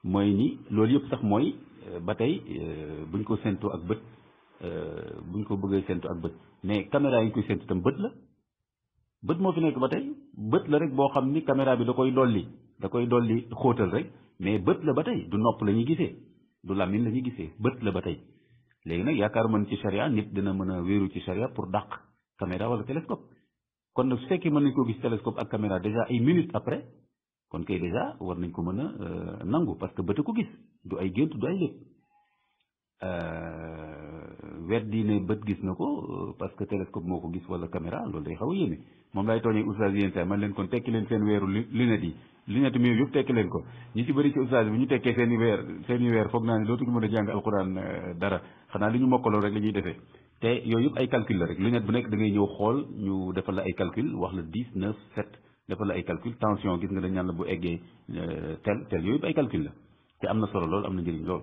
mooy ni loolu yëpp sax mooy ba tey buñ ko séentoo ak bët Euh, buñ ko bëggee séntu ak bët mais caméra yi koy séntu itam bët la bët moo fi nekk ba tey bët la rek boo xam ni caméra bi da koy dolli da koy dolli xóotal rek mais bët la ba tey nopp la ñuy gisee du làmmiñ la ñuy gisee bët la ba tey léegi nag yaakaar man ci charia nit dina mën a wéeru ci charia pour dàq caméra wala télescope kon nag su fekkee mën nañ ko gis télescope ak caméra déjà ay minutes après kon kay déjà war nañ ko mën a euh, nangu parce que bët a ko gis du ay gént du ay lépp Euh, wet diine bët gis na ko parce que télescope moo ko gis wala caméra loolu day xaw a yéeme moom laay tooñee oustaz yéen saa man leen kon tekki leen seen weeru lunette yi lunette mi yëpp tekki leen ko ñi ci bëri ci oustaz bi ñu tekkee seen i weer seen i weer foog naa ne dootuñu mën a jàng alxuraan euh, dara xanaa li ñu mokkaloo rek la ñuy defee te yooyu yëpp ay calcul la rek lunette bu nekk da ngay ñëw xool ñu defal la ay calcul wax la dix neuf sept defal la ay calcul tension gis nga dañ ñaan la bu eggee euh, tel tel yooyu te am na solo lool am na njëriñ lool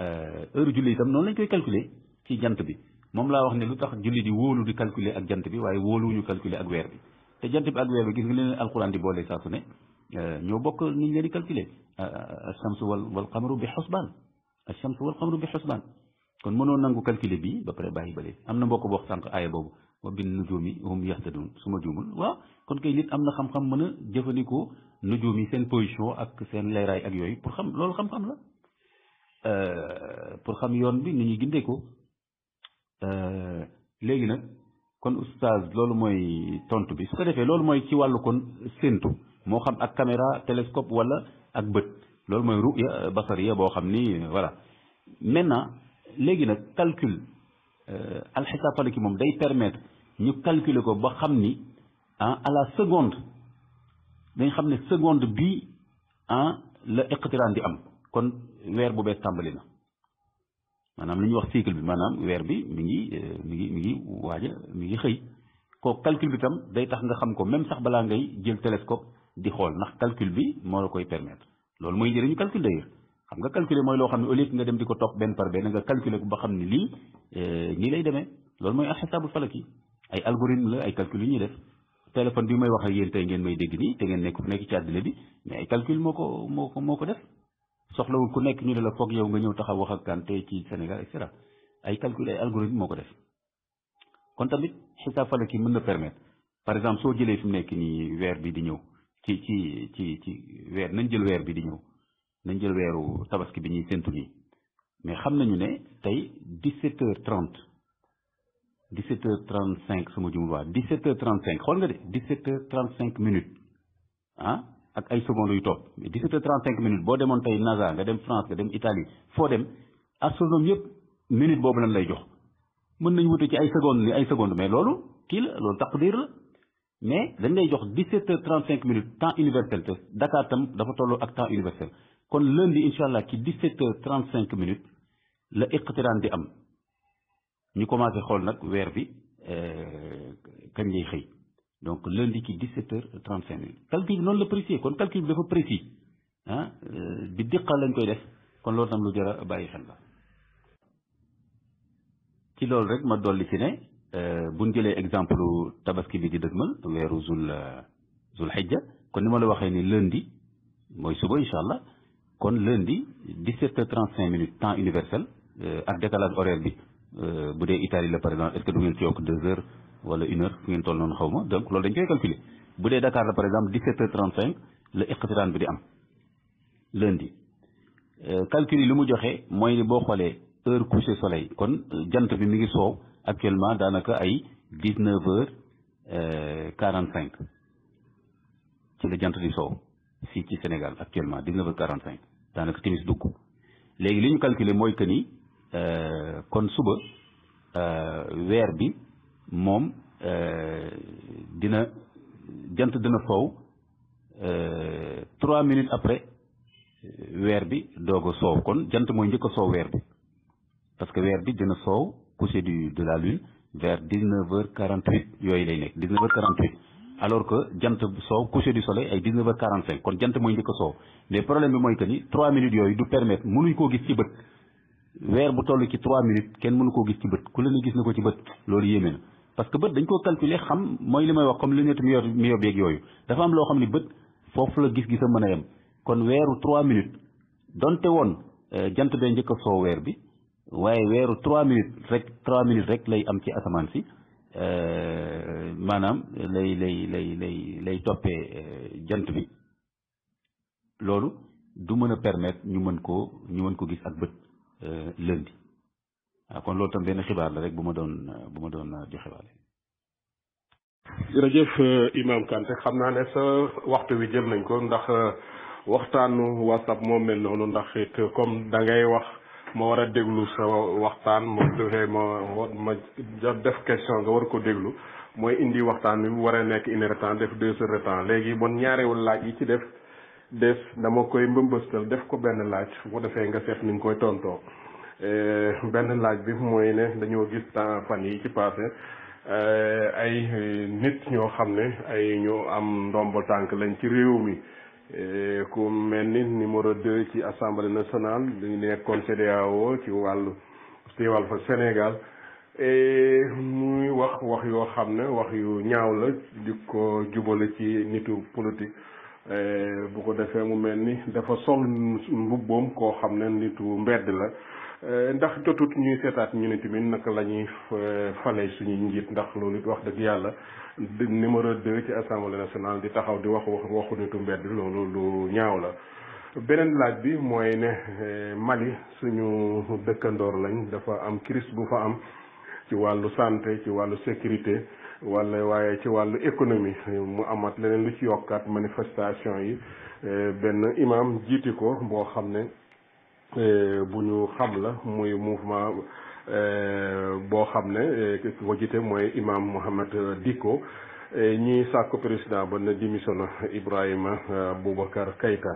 Euh, heure julli tam noonu lañ koy calculer ci jant bi moom laa wax ne lu tax julli di wóolu di calculer ak jant bi waaye wóoluwuñu calculer ak weer bi te jant bi ak weer bi gis nga leen alquran di boole saa su ne euh, ñoo bokk ni ñu leen di calculer alchamsu wal wal qamaru bi xusbaan alchamsu wal qamaru bi xusbaan kon mënoo nangu ba am na mbokk boo sànq aaya boobu wa bin nujumi hum yahtadun su ma juumul waaw kon am na xam-xam mën a jëfandikoo nujum yi seen position ak seen leeraay ak yooyu pour xam loolu xam-xam la Euh, pour xam yoon bi ni ñuy gindee ko euh, léegi nag kon oustaz loolu mooy tontu bi su ko defee loolu mooy ci wàllu kon séntu moo xam ak caméra télescope wala ak bët loolu mooy ruya basariya boo xam ni voilà maintenant léegi nag calcul euh, alxisaab ki moom day permettre ñu calculer ko ba xam ni ah à la seconde dañ xam ne seconde bi ah la iqtiraan di am kon weer bu bees tàmbali na maanaam li ñuy wax cycle bi maanaam weer bi mi ngi euh, mi ngi mi ngi waaja mi ngi xëy kooku calcul bi tam day tax nga xam ko même sax balaa ngay jël télescope di xool ndax calcul bi moo la koy permettre loolu mooy njëriñu calcul d'ailleurs xam nga calculer mooy loo xam ne au lieu dem di ko topp benn par benn nga calculer ko ba xam ne euh, lay demee loolu mooy alxisaabul falaki ay algorithme la ay calcul yu ñuy def téléphone bi may wax ak yéen tey ngeen may dégg nii te ngeen nekk nekk ci àddina bi mais ay calcul moo ko moo ko moo ko def soxlawul ku nekk ñu ne la foog yow nga ñëw taxaw wax ak Kanté ci Sénégal et cetera ay calcul ay algorithme moo ko def kon tamit xisaab falaki mën na permettre par exemple soo jëlee fi mu nekk nii weer bi di ñëw ci ci ci ci weer nañ jël weer bi di ñëw nañ jël weeru tabaski bi ñuy séntu nii mais xam nañu ne tey 17 heures 30 17 heures 35 su ma jumul waa 17 heures 35 xool nga de 17 heures 35 minutes ah. ak ay secondes yu topp mais 17 heures 35 minutes boo demoon tey NASA nga dem France nga dem Italie foo dem astronome yëpp minute boobu lan lay jox mën nañ wute ci ay secondes ni ay secondes mais loolu kii la loolu taqdir la mais dañ lay jox 17 heures 35 minutes temps universel te Dakar tam dafa tolloo ak temps universel kon lundi incha allah ci 17 heures 35 minutes la iqtiraan di am ñu commencé xool nag weer bi euh, kañ lay xëy. donc lundi qui 17 h 35 calcul non le précis kon calcul dafa précis ah euh, di diqal lañ koy def kon loolu tam lu jar a xel la ci loolu rek ma doli ci ne euh, bu ñu jëlee exemple tabaski bi di dëgmal weeru zul euh, zul kon nima la waxé ni lundi moy suba inshallah kon lundi 17 h 35 minutes temps universel ak décalage horaire bi bu dee Italie le par exemple est-ce que du ngeen ci yokk 2 heures. wala une heure fu ngeen toll noonu xaw donc loolu dañ koy calculer bu dee Dakar la par exemple 17h35 la iqtiraan bi di am lundi euh, calcul li mu joxe mooy boo xoolee heure coucher soleil kon euh, jant bi mu ngi soow actuellement daanaka ay 19h45 euh, ci la jant di soow fii ci Sénégal actuellement 19h45 daanaka timis dugg léegi li ñu calculer mooy que kon suba weer bi. mom euh dina jant dina faw euh 3 minutes après euh, wèr bi dogo sow kon jant moy ñëk sow bi parce que wèr bi dina couché coucher du de la lune vers 19h48 yoy lay nek 19h48 alors que jant sow coucher du soleil ay 19h45 kon jant moy ñëk sow les problèmes bi moy que 3 minutes yoy du permettre mënuñ ko gis ci bëtt wèr bu tollu ci 3 minutes kenn mënu ko gis ci bëtt ku leen gis nako ci bëtt lolu yéme parce que bët dañ koo calculer xam mooy li may wax comme lunette mi yor mi yóbbeeg yooyu dafa loo xam ne bët foofu la gis-gisa mën a yem kon weeru trois donte woon euh, jant bee njëkk a weer bi waaye weeru trois minutes rek rek lay am ci asamaan si euh, maanaam lay lay lay lay lay toppee euh, jant bi loolu du mën a permettre ñu mën ko ñu mën ko gis ak bët lundi kon loolu tam benn xibaar la rek bu ma doon bu ma doon euh, joxe waale. jërëjëf euh, Imam Kanté xam naa ne sa waxtu wi jël nañ ko ndax euh, waxtaanu whatsapp moo mel ndax it da ngay wax ma war a déglu sa waxtaan ma joxe ma ma def question nga war ko déglu mooy indi waxtaan wi war a nekk in heure de temps def deux heures de léegi bon ñaarewul laaj yi ci def def dama koy mbëmbëstal def ko benn laaj bu defee nga seet ni nga koy tontoo. Eh, benn laaj bi mooy ne dañoo gis temps yi ci passé eh, ay nit ñoo xam ne ay ñoo am ndombo tànk lañ ci réew mi eh, ku mel ni numéro deux ci assemblée nationale dañu nekkoon CEDEAO ci wàllu teewal fa Sénégal muy wax wax yoo xam ne wax yu ñaaw la di ko jubale ci nitu politique bu ko defee mu mel ni dafa sol mbubboom koo xam ne nitu mbedd la Eh, ndax jotut ñuy seetaat ñu ne tamit naka la ñuy eh, fale suñuy njiit ndax loolu it wax dëgg yàlla numéro deux ci assemblée nationale di taxaw di wax wax waxu nitu mbedd loolu lu ñaaw la beneen laaj bi mooy ne eh, Mali suñu dëkkandoor lañ dafa am crise bu fa am ci wàllu santé ci wàllu sécurité walla waaye ci wàllu économie mu amat leneen lu ci yokkaat manifestation yi benn imam jiiti ko boo xam ne Euh, bu ñu xam la muy mouvement euh, boo xam ne euh, ki ko mooy imam Mouhamed Dicko ñi sàkku président ba na démissionné Ibrahima Boubacar Keïta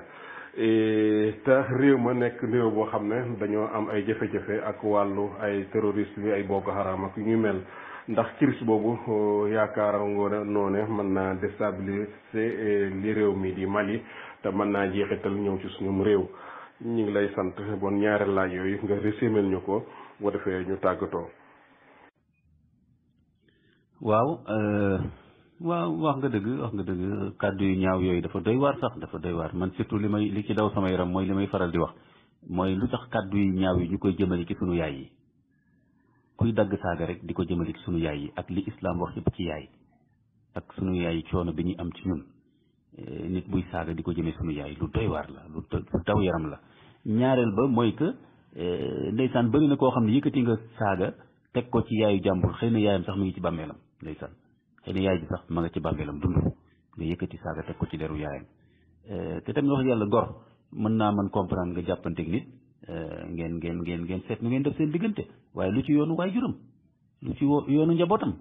te réew ma nekk réew boo xam ne dañoo am ay jafe-jafe ak wàllu ay terroriste bi ay Boko Haram ak yu ñu mel ndax crise boobu yaakaar nga noo ne mën naa déstabiliser li réew mi di Mali te mën naa jeexital ñëw ci suñum réew ñu ngi lay sant bon ñaareel laaj yooyu nga resemer ñu ko boo defee ñu tàggatoo. waaw euh, waaw wax nga dëgg wax nga dëgg kàddu yu ñaaw yooyu dafa doy sax dafa doy waar man surtout li may li ci daw sama yaram mooy li may faral di wax mooy lu tax kàddu yu ñaaw yi ñu koy jëmale ci sunu yaay yi kuy dagg saaga rek di ko jëmale ci sunu yaay yi ak li islaam wax yëpp ci yaay ak sunu yaay yi coono bi ñuy am ci ñun euh, nit buy saaga di ko jëmee sunu yaay lu doy waar la lu daw la ñaareel ba mooy que euh, ndeysaan bëri na koo xam ne yëkkati nga saaga teg ko ci yaayu jàmbur xëy na yaayam sax mu ngi ci bàmmeelam ndeysaan xëy na yaay ji sax ma nga ci bàmmeelam dund nga yëkkati saaga teg ko ci deru yaayam euh, te tamit wax yàlla gor mën naa mën comprendre nga jàppanteeg nit euh, ngeen ngeen ngeen ngeen seet nu ngeen def seen diggante waaye lu ci yoonu waay juróom lu ci yoonu njabootam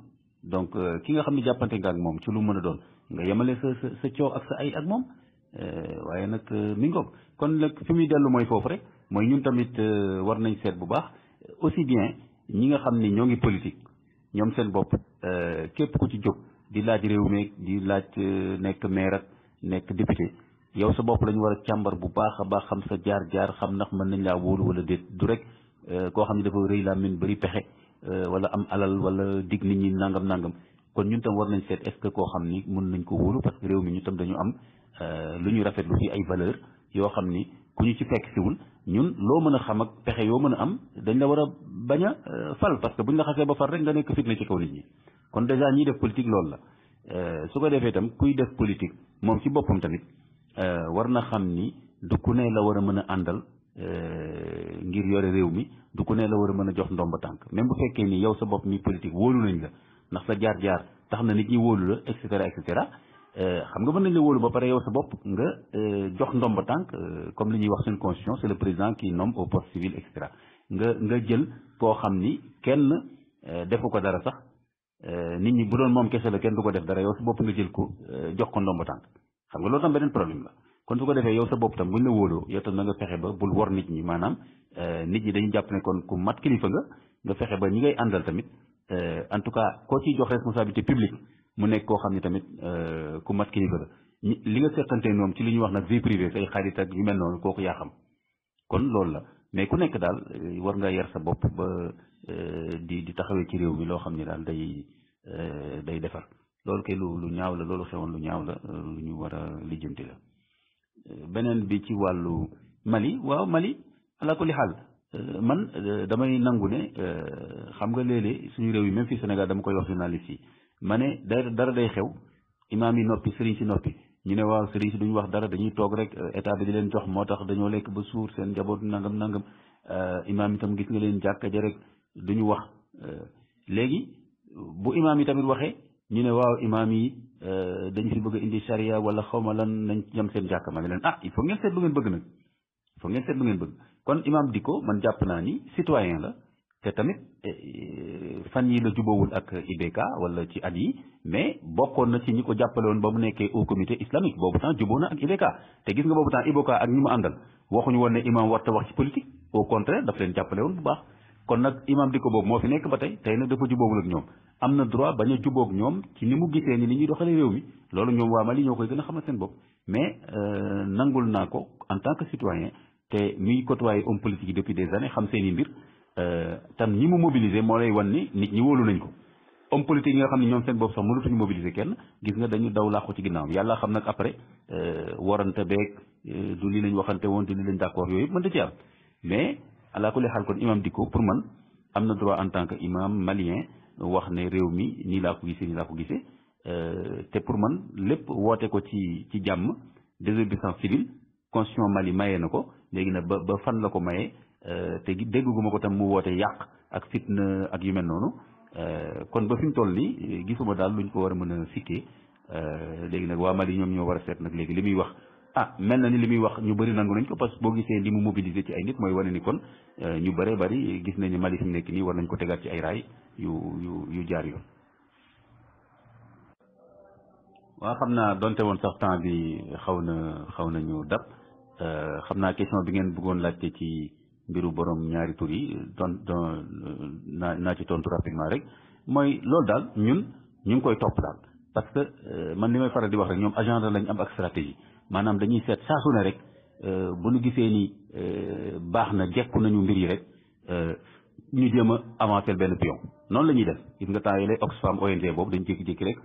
donc ki nga xam ne jàppante nga ak moom ci lu mën a doon nga yemale sa sa sa coow ak sa ay ak moom Eh, waaye nag eh, mi ngoog kon nag fi muy dellu mooy foofu rek mooy ñun tamit eh, war nañ seet bu baax aussi bien ñi nga xam ni ñoo ngi politique ñoom seen bopp képp ku ci jóg di laaj réew mi di laaj nekk maire ak nekk député yow sa bopp lañu war a càmbar bu baax a baax xam sa jaar-jaar xam ndax mën nañ laa wóolu wala déet du rek koo xam ne dafa rëy laa min bëri pexe wala am alal wala digg nit ñi nangam nangam kon ñun tam war nañ seet est koo xam ni mën nañ ko wóolu parce mi ñu tam dañu Euh, lu ñu rafetlu ci ay valeur yoo xam ni ku ñu ci fekk siwul ñun loo mën a xam ak pexe yoo mën a am dañ la war a bañ a euh, fal parce que bu ñu la xasee ba fal rek nga nekk fitna ci kaw nit ñi kon dèjà ñiy def politique loolu la euh, su ko defee itam kuy def politique moom ci boppam tamit war na xam ni du ku la war a mën a àndal ngir yore réew mi du ku ne la war a mën a jox ndomb tànk même bu fekkee ni yow sa bopp mi politique wóolu nañ la ndax sa jaar-jaar tax na nit cetera et xam nga mën nañ la ba pare yow sa nga euh, jox euh, comme li wax c'est le président qui nomme au poste civil et nga nga jël koo xam ni kenn euh, defu dara sax nit ñi bu doon moom kese kenn du def dara yow sa nga jël ko jox ko xam nga problème la kon su ko defee yow sa tam la wóoloo yow tam nga fexe ba nit ñi nit ñi ne kon ku mat kilifa nga nga tamit en tout cas koo responsabilité publique mu nekk koo xam ne tamit euh, ku mat kilifa la li nga seqantee moom ci li ñuy wax nag vie privée say xarit ak yu mel noonu kooku yaa xam kon loolu la mais ku nekk daal euh, war nga yar sa bopp ba euh, di di taxawee ci réew mi loo xam ne daal day day defar loolu kay lu lu ñaaw la loolu xewoon lu ñaaw la lu ñu war a lijjanti la beneen bi ci wàllu Mali waaw Mali ala kulli xaal man damay nangu ne xam nga léeg suñu réew yi même fii Sénégal dama koy wax journaliste yi ma ne da dara day xew imaam yi noppi sëriñ si noppi ñu ne waaw sëriñ si duñu wax dara dañuy toog rek euh, état bi di leen jox moo tax dañoo lekk ba suur seen jaboot nangam nangam euh, imaam itam gis nga leen jàkka ja rek duñu wax euh, léegi bu imaam yi tamit waxee ñu ne waaw imaam yi dañu fi bëgg indi charia wala xawma lan nañ ñam seen jàkka ma ne leen ah il faut ngeen seet lu ngeen bëgg nag il faut ngeen seet lu ngeen bëgg kon imaam Dicko man jàpp naa ni citoyen la te tamit e, e, fan yi la jubawul ak IBK wala ci at yi mais bokkoon na ci ñi ko jàppale woon ba mu nekkee au comité islamique boobu temps juboo na ak IBK te gis nga boobu temps IBK ak ñi mu àndal waxuñu woon ne imam warta wax ci politique au contraire daf leen jàppale woon bu baax kon nag imam Dicko boobu moo fi nekk ba tey tey nag dafa jubóowul ak ñoom am na droit bañ a jubóog ñoom ci ni mu gisee ni li ñuy doxalee réew mi loolu ñoom waa Mali ñoo koy gën a xamal seen bopp mais euh, nangul naa ko en tant que citoyen te muy côtoyer homme politique yi des années xam seen i mbir Euh, tam ñi mu mobiliser moo lay wan ni nit ñi wóolu nañ ko homme politique yi nga xam ne ñoom seen bopp sax mënatuñu mobiliser kenn gis nga dañu daw làqu ci ginnaaw yàlla xam nag après euh, warante beeg euh, du lii lañ waxante woon du lii lañ d'accord yooyu yëpp mën da ci am mais alaa kulli xaal kon imam Dicko pour man am na droit en tant que imam malien wax ne réew mi nii laa ko gisee nii laa ko gisee te pour man lépp woote ko ci ci jàmm désobéissance civile constitution Mali mayee na ko léegi Euh, te ma ko tam mu woote yàq ak fitna ak yu mel noonu euh, kon ba fi mu toll nii eh, gisuma daal luñ ko war a mën a sikkee euh, léegi nag waa Mali ñoo war a seet nag léegi li muy wax ah mel na ni li muy wax ñu bëri nangu nañ ko parce que boo gisee li mu mobilisé ci ay nit mooy wane ni kon ñu bëree bari gis nañ ne Mali fi nekk nii war nañ ko tegaat ci ay raay yu yu yu jaar yoon. waaw xam naa donte woon sax temps bi xaw na xaw nañu dab xam naa question bi ngeen bëggoon laajte ci. mbiru boroom ñaari tur yi don naa naa ci tontu rapidement rek mooy loolu daal ñun ñu ngi koy topp daal parce que euh, man li may faral di wax rek ñoom agenda lañu am ak stratégie maanaam dañuy seet saa su ne rek euh, bu ñu gisee ni euh, baax na jekku nañu mbir yi rek ñu jéem a avancer benn pion noonu la ñuy def gis nga temps yi lay Oxfam ONG boobu dañ jékki-jékki rek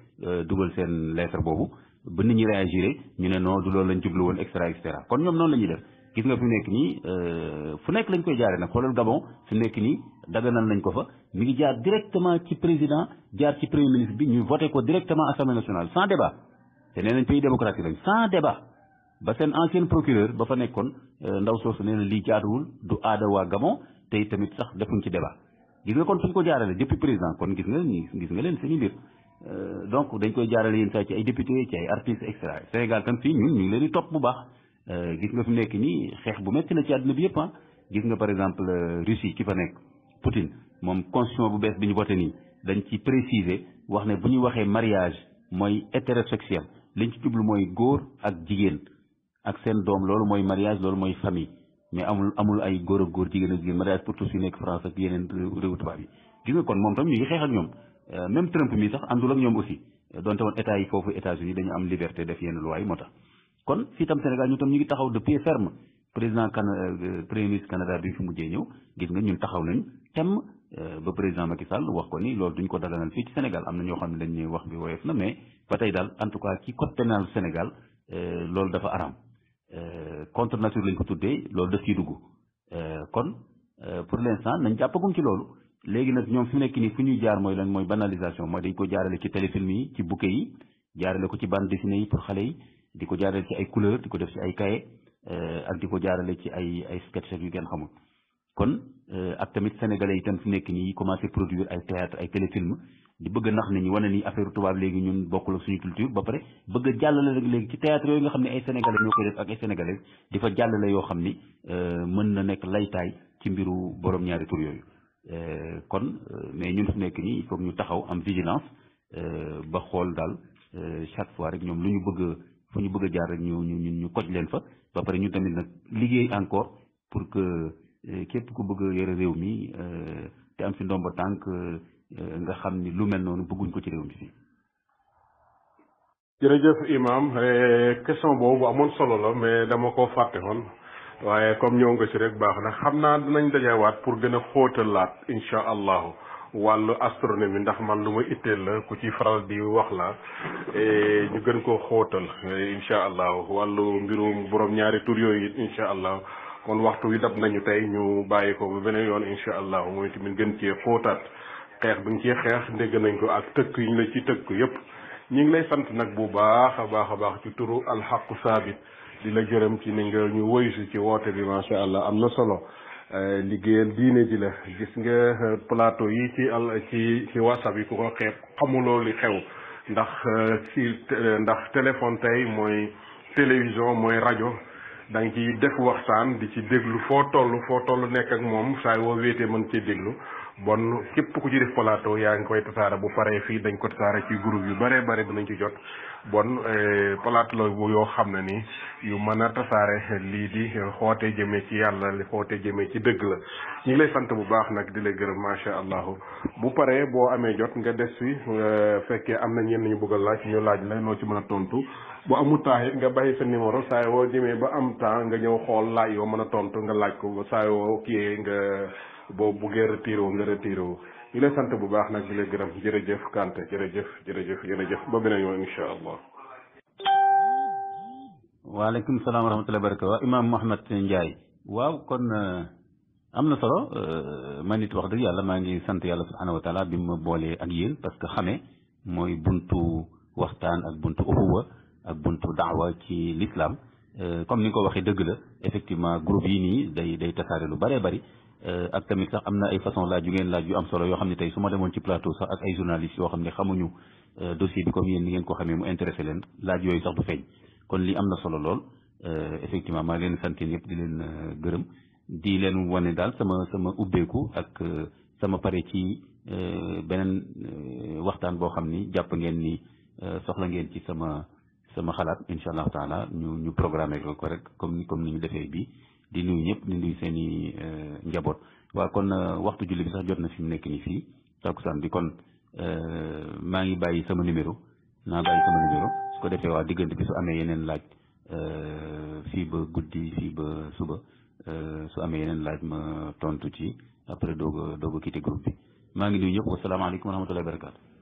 dugal seen lettre boobu ba nit ñi réagir ñu ne noo du loolu lañ jublu woon et cetera et cetera kon ñoom noonu la ñuy def gis nga fi euh, fu lañ Gabon directement ci président premier ministre bi directement nationale sans débat C'est nee pays démocratique sans débat ba un ancien procureur ba fa nekkoon ndaw du Gabon tamit débat président kon gis nga gis nga euh, donc dañ koy ci ay député ci ay artistes et Sénégal tam ñun Euh, gis nga fi nekk nii xeex bu metti la ci àdduna bi yëpp ah gis nga par exemple euh, Russie ki fa nekk Poutine moom constitution bu bees bi ñu voté nii dañ ci préciser wax ne bu ñu waxee mariage mooy hétérosexuel liñ ci jublu mooy góor ak jigéen ak seen doom loolu mooy mariage loolu mooy famille mais amul amul ay góor ak góor jigéen ak jigéen mariage pour tous yu nekk France ak yeneen réewu tubaab yi gis nga kon moom tam ñu xeex ak ñoom euh, même Trump mi sax àndul ak ñoom aussi donte woon yi foofu États-Unis dañu am liberté def yenn loi yi moo kon fii tam Sénégal ñu tam ñu ngi taxaw de pied ferme président Cana euh, premier ministre Canada bi fi mujjee ñëw gis nga ñun taxaw nañ tem euh, ba président Macky Sall wax ko ni loolu duñ ko daganal fii ci Sénégal am na ñoo xam ne dañ ñuy wax bi woyof na mais ba tey daal en tout cas ci côté pénal Sénégal euh, loolu dafa aram contre nature lañ ko tuddee loolu daf ci dugg kon pour l'instant nañ jàppagum ci loolu léegi nag ñoom fi mu nekk nii fu ñuy jaar mooy lan mooy banalisation mooy dañ ko jaarale ci téléfilm yi ci bouquet yi jaarale ko ci bande dessinée yi pour xale yi di ko jaarale ci ay couleur di ko def ci ay cahier euh, ak di ko jaarale ci ay ay sketch yu ngeen xamul kon euh, ak tamit sénégalais yi tam fi nekk nii commencé produire ay théâtre ay téléfilm di bëgg a nax nañu wane ni affaire tubaab léegi ñun bokkul ak suñu culture ba pare bëgg a jàllale rek léegi ci théâtre yooyu nga xam ne ay sénégalais ñoo koy def ak ay sénégalais di fa jàllale yoo xam ni euh, mën na nekk laytaay ci mbiru borom ñaari tur yooyu kon mais ñun fi nekk nii ñu taxaw am vigilance ba xool daal chaque fois rek ñoom lu ñu bëgg fu ñu bëgg a jaar rek ñu ñu ñu koj leen fa ba pare ñu tamit nag liggéey encore pour que euh, képp ku bëgg a yore réew mi euh, te am fi ndomba tànk euh, nga xam ni lu mel noonu bëgguñ ko ci réew mi fii. jërëjëf Imaam eh, question boobu amoon solo la mais dama ko fàtte woon waaye comme ñëw nga ci rek baax na xam naa dinañ waat pour gën a laat incha allahu. wàllu bi ndax man lu ma itteel la ku ci faral di wax la e, ñu gën koo xóotal incha allah wàllu mbirum borom ñaari tur yooyu it incha allah kon waxtu wi dab nañu tey ñu bàyyi ko ba beneen yoon incha allah mooy tamit gën cee xóotaat xeex bi nga cee xeex ndégg nañ ko ak tëkk yi ñu la ci tëkk yépp ñu ngi lay sant nag bu baax a baax a baax ci turu alxaqu saabit di la jërëm ci ni nga ñu woysu ci woote bi macha allah am na solo. Eh, liggéeyal diine ji la gis nga eh, plateau yi ci al ci ci whatsapp yi ku ko xeeb xamuloo li xew ndax eh, si ndax téléphone tey mooy télévision mooy rajo da nga ciy def waxtaan di ci déglu foo toll foo toll nekk ak moom saa yoo wéetee mën ci déglu bon képp ku ci def plateau yaa ngi koy tasaare bu paree fii dañ ko tasaare ci groupe yu bare bare dinañ ci jot bon eh, plateau la bu yoo xam ne ni yu mën a tasaare lii di xoote jëmee ci yàlla li xoote jëmee ci dëgg la ñu ngi lay sant bu baax nag di lay gërëm macha allahu bu paree boo amee jot nga des fi eh, fekkee am na ñenn ñu bëgg a laaj ñu laaj la loo ci mën a tontu bu amul temps nga bàyyi sa numéro saa yoo jëmee ba am temps nga ñëw xool laaj yoo mën a tontu nga laaj ko saa yoo kiyee nga. boobu buggee retiré wu nga retiré wu ñu lay sant bu baax nag di lay gërëm jërëjëf Kanté jërëjëf jërëjëf jërëjëf ba beneen yoon incha allah. waaleykum salaam wa rahmatulah baraka waaw imaam Mouhamed Ndiaye. waaw kon euh, am na solo euh, man it wax dëgg yàlla maa ngi sant yàlla subhaanahu wa taala bi ma boolee ak yéen parce que xamee mooy buntu waxtaan ak buntu uxuwa ak buntu daawa ci l'islam euh, comme ni nga ko waxee dëgg la effectivement groupe yi nii day day tasaare lu bëree bëri ak tamit sax amna ay façon laaj yu ngeen laaj am solo yo xamni tay suma demone ci plateau sax ak ay journalistes yo xamni xamuñu dossier bi comme yéen ni ngeen ko xamé mu intéressé leen laaj yoy sax du feñ kon li amna solo lol euh effectivement maa leen sante ñep di leen gërëm di leen woné dal sama sama ubbeeku ak sama pare ci beneen waxtaan boo xam ni jàpp ngeen ni soxla ngeen ci sama sama xalaat inshallah taala ñu ñu programmer ko rek comme comme ni ñu defé bi di nuyu ñëpp di nuyu seen i euh, njaboot waaw kon euh, waxtu julli bi sax jot na fi mu nekk nii fii takkusaan bi kon euh, maa ngi bàyyi sama numéro naa bàyyi sama numéro su ko defee waa diggante bi su amee yeneen laaj fii ba guddi fii ba suba su amee yeneen laaj ma tontu ci après doog a doog a quitté bi maa ngi nuyu ñëpp wasalaamaaleykum wa rahmatullahi wa barakatu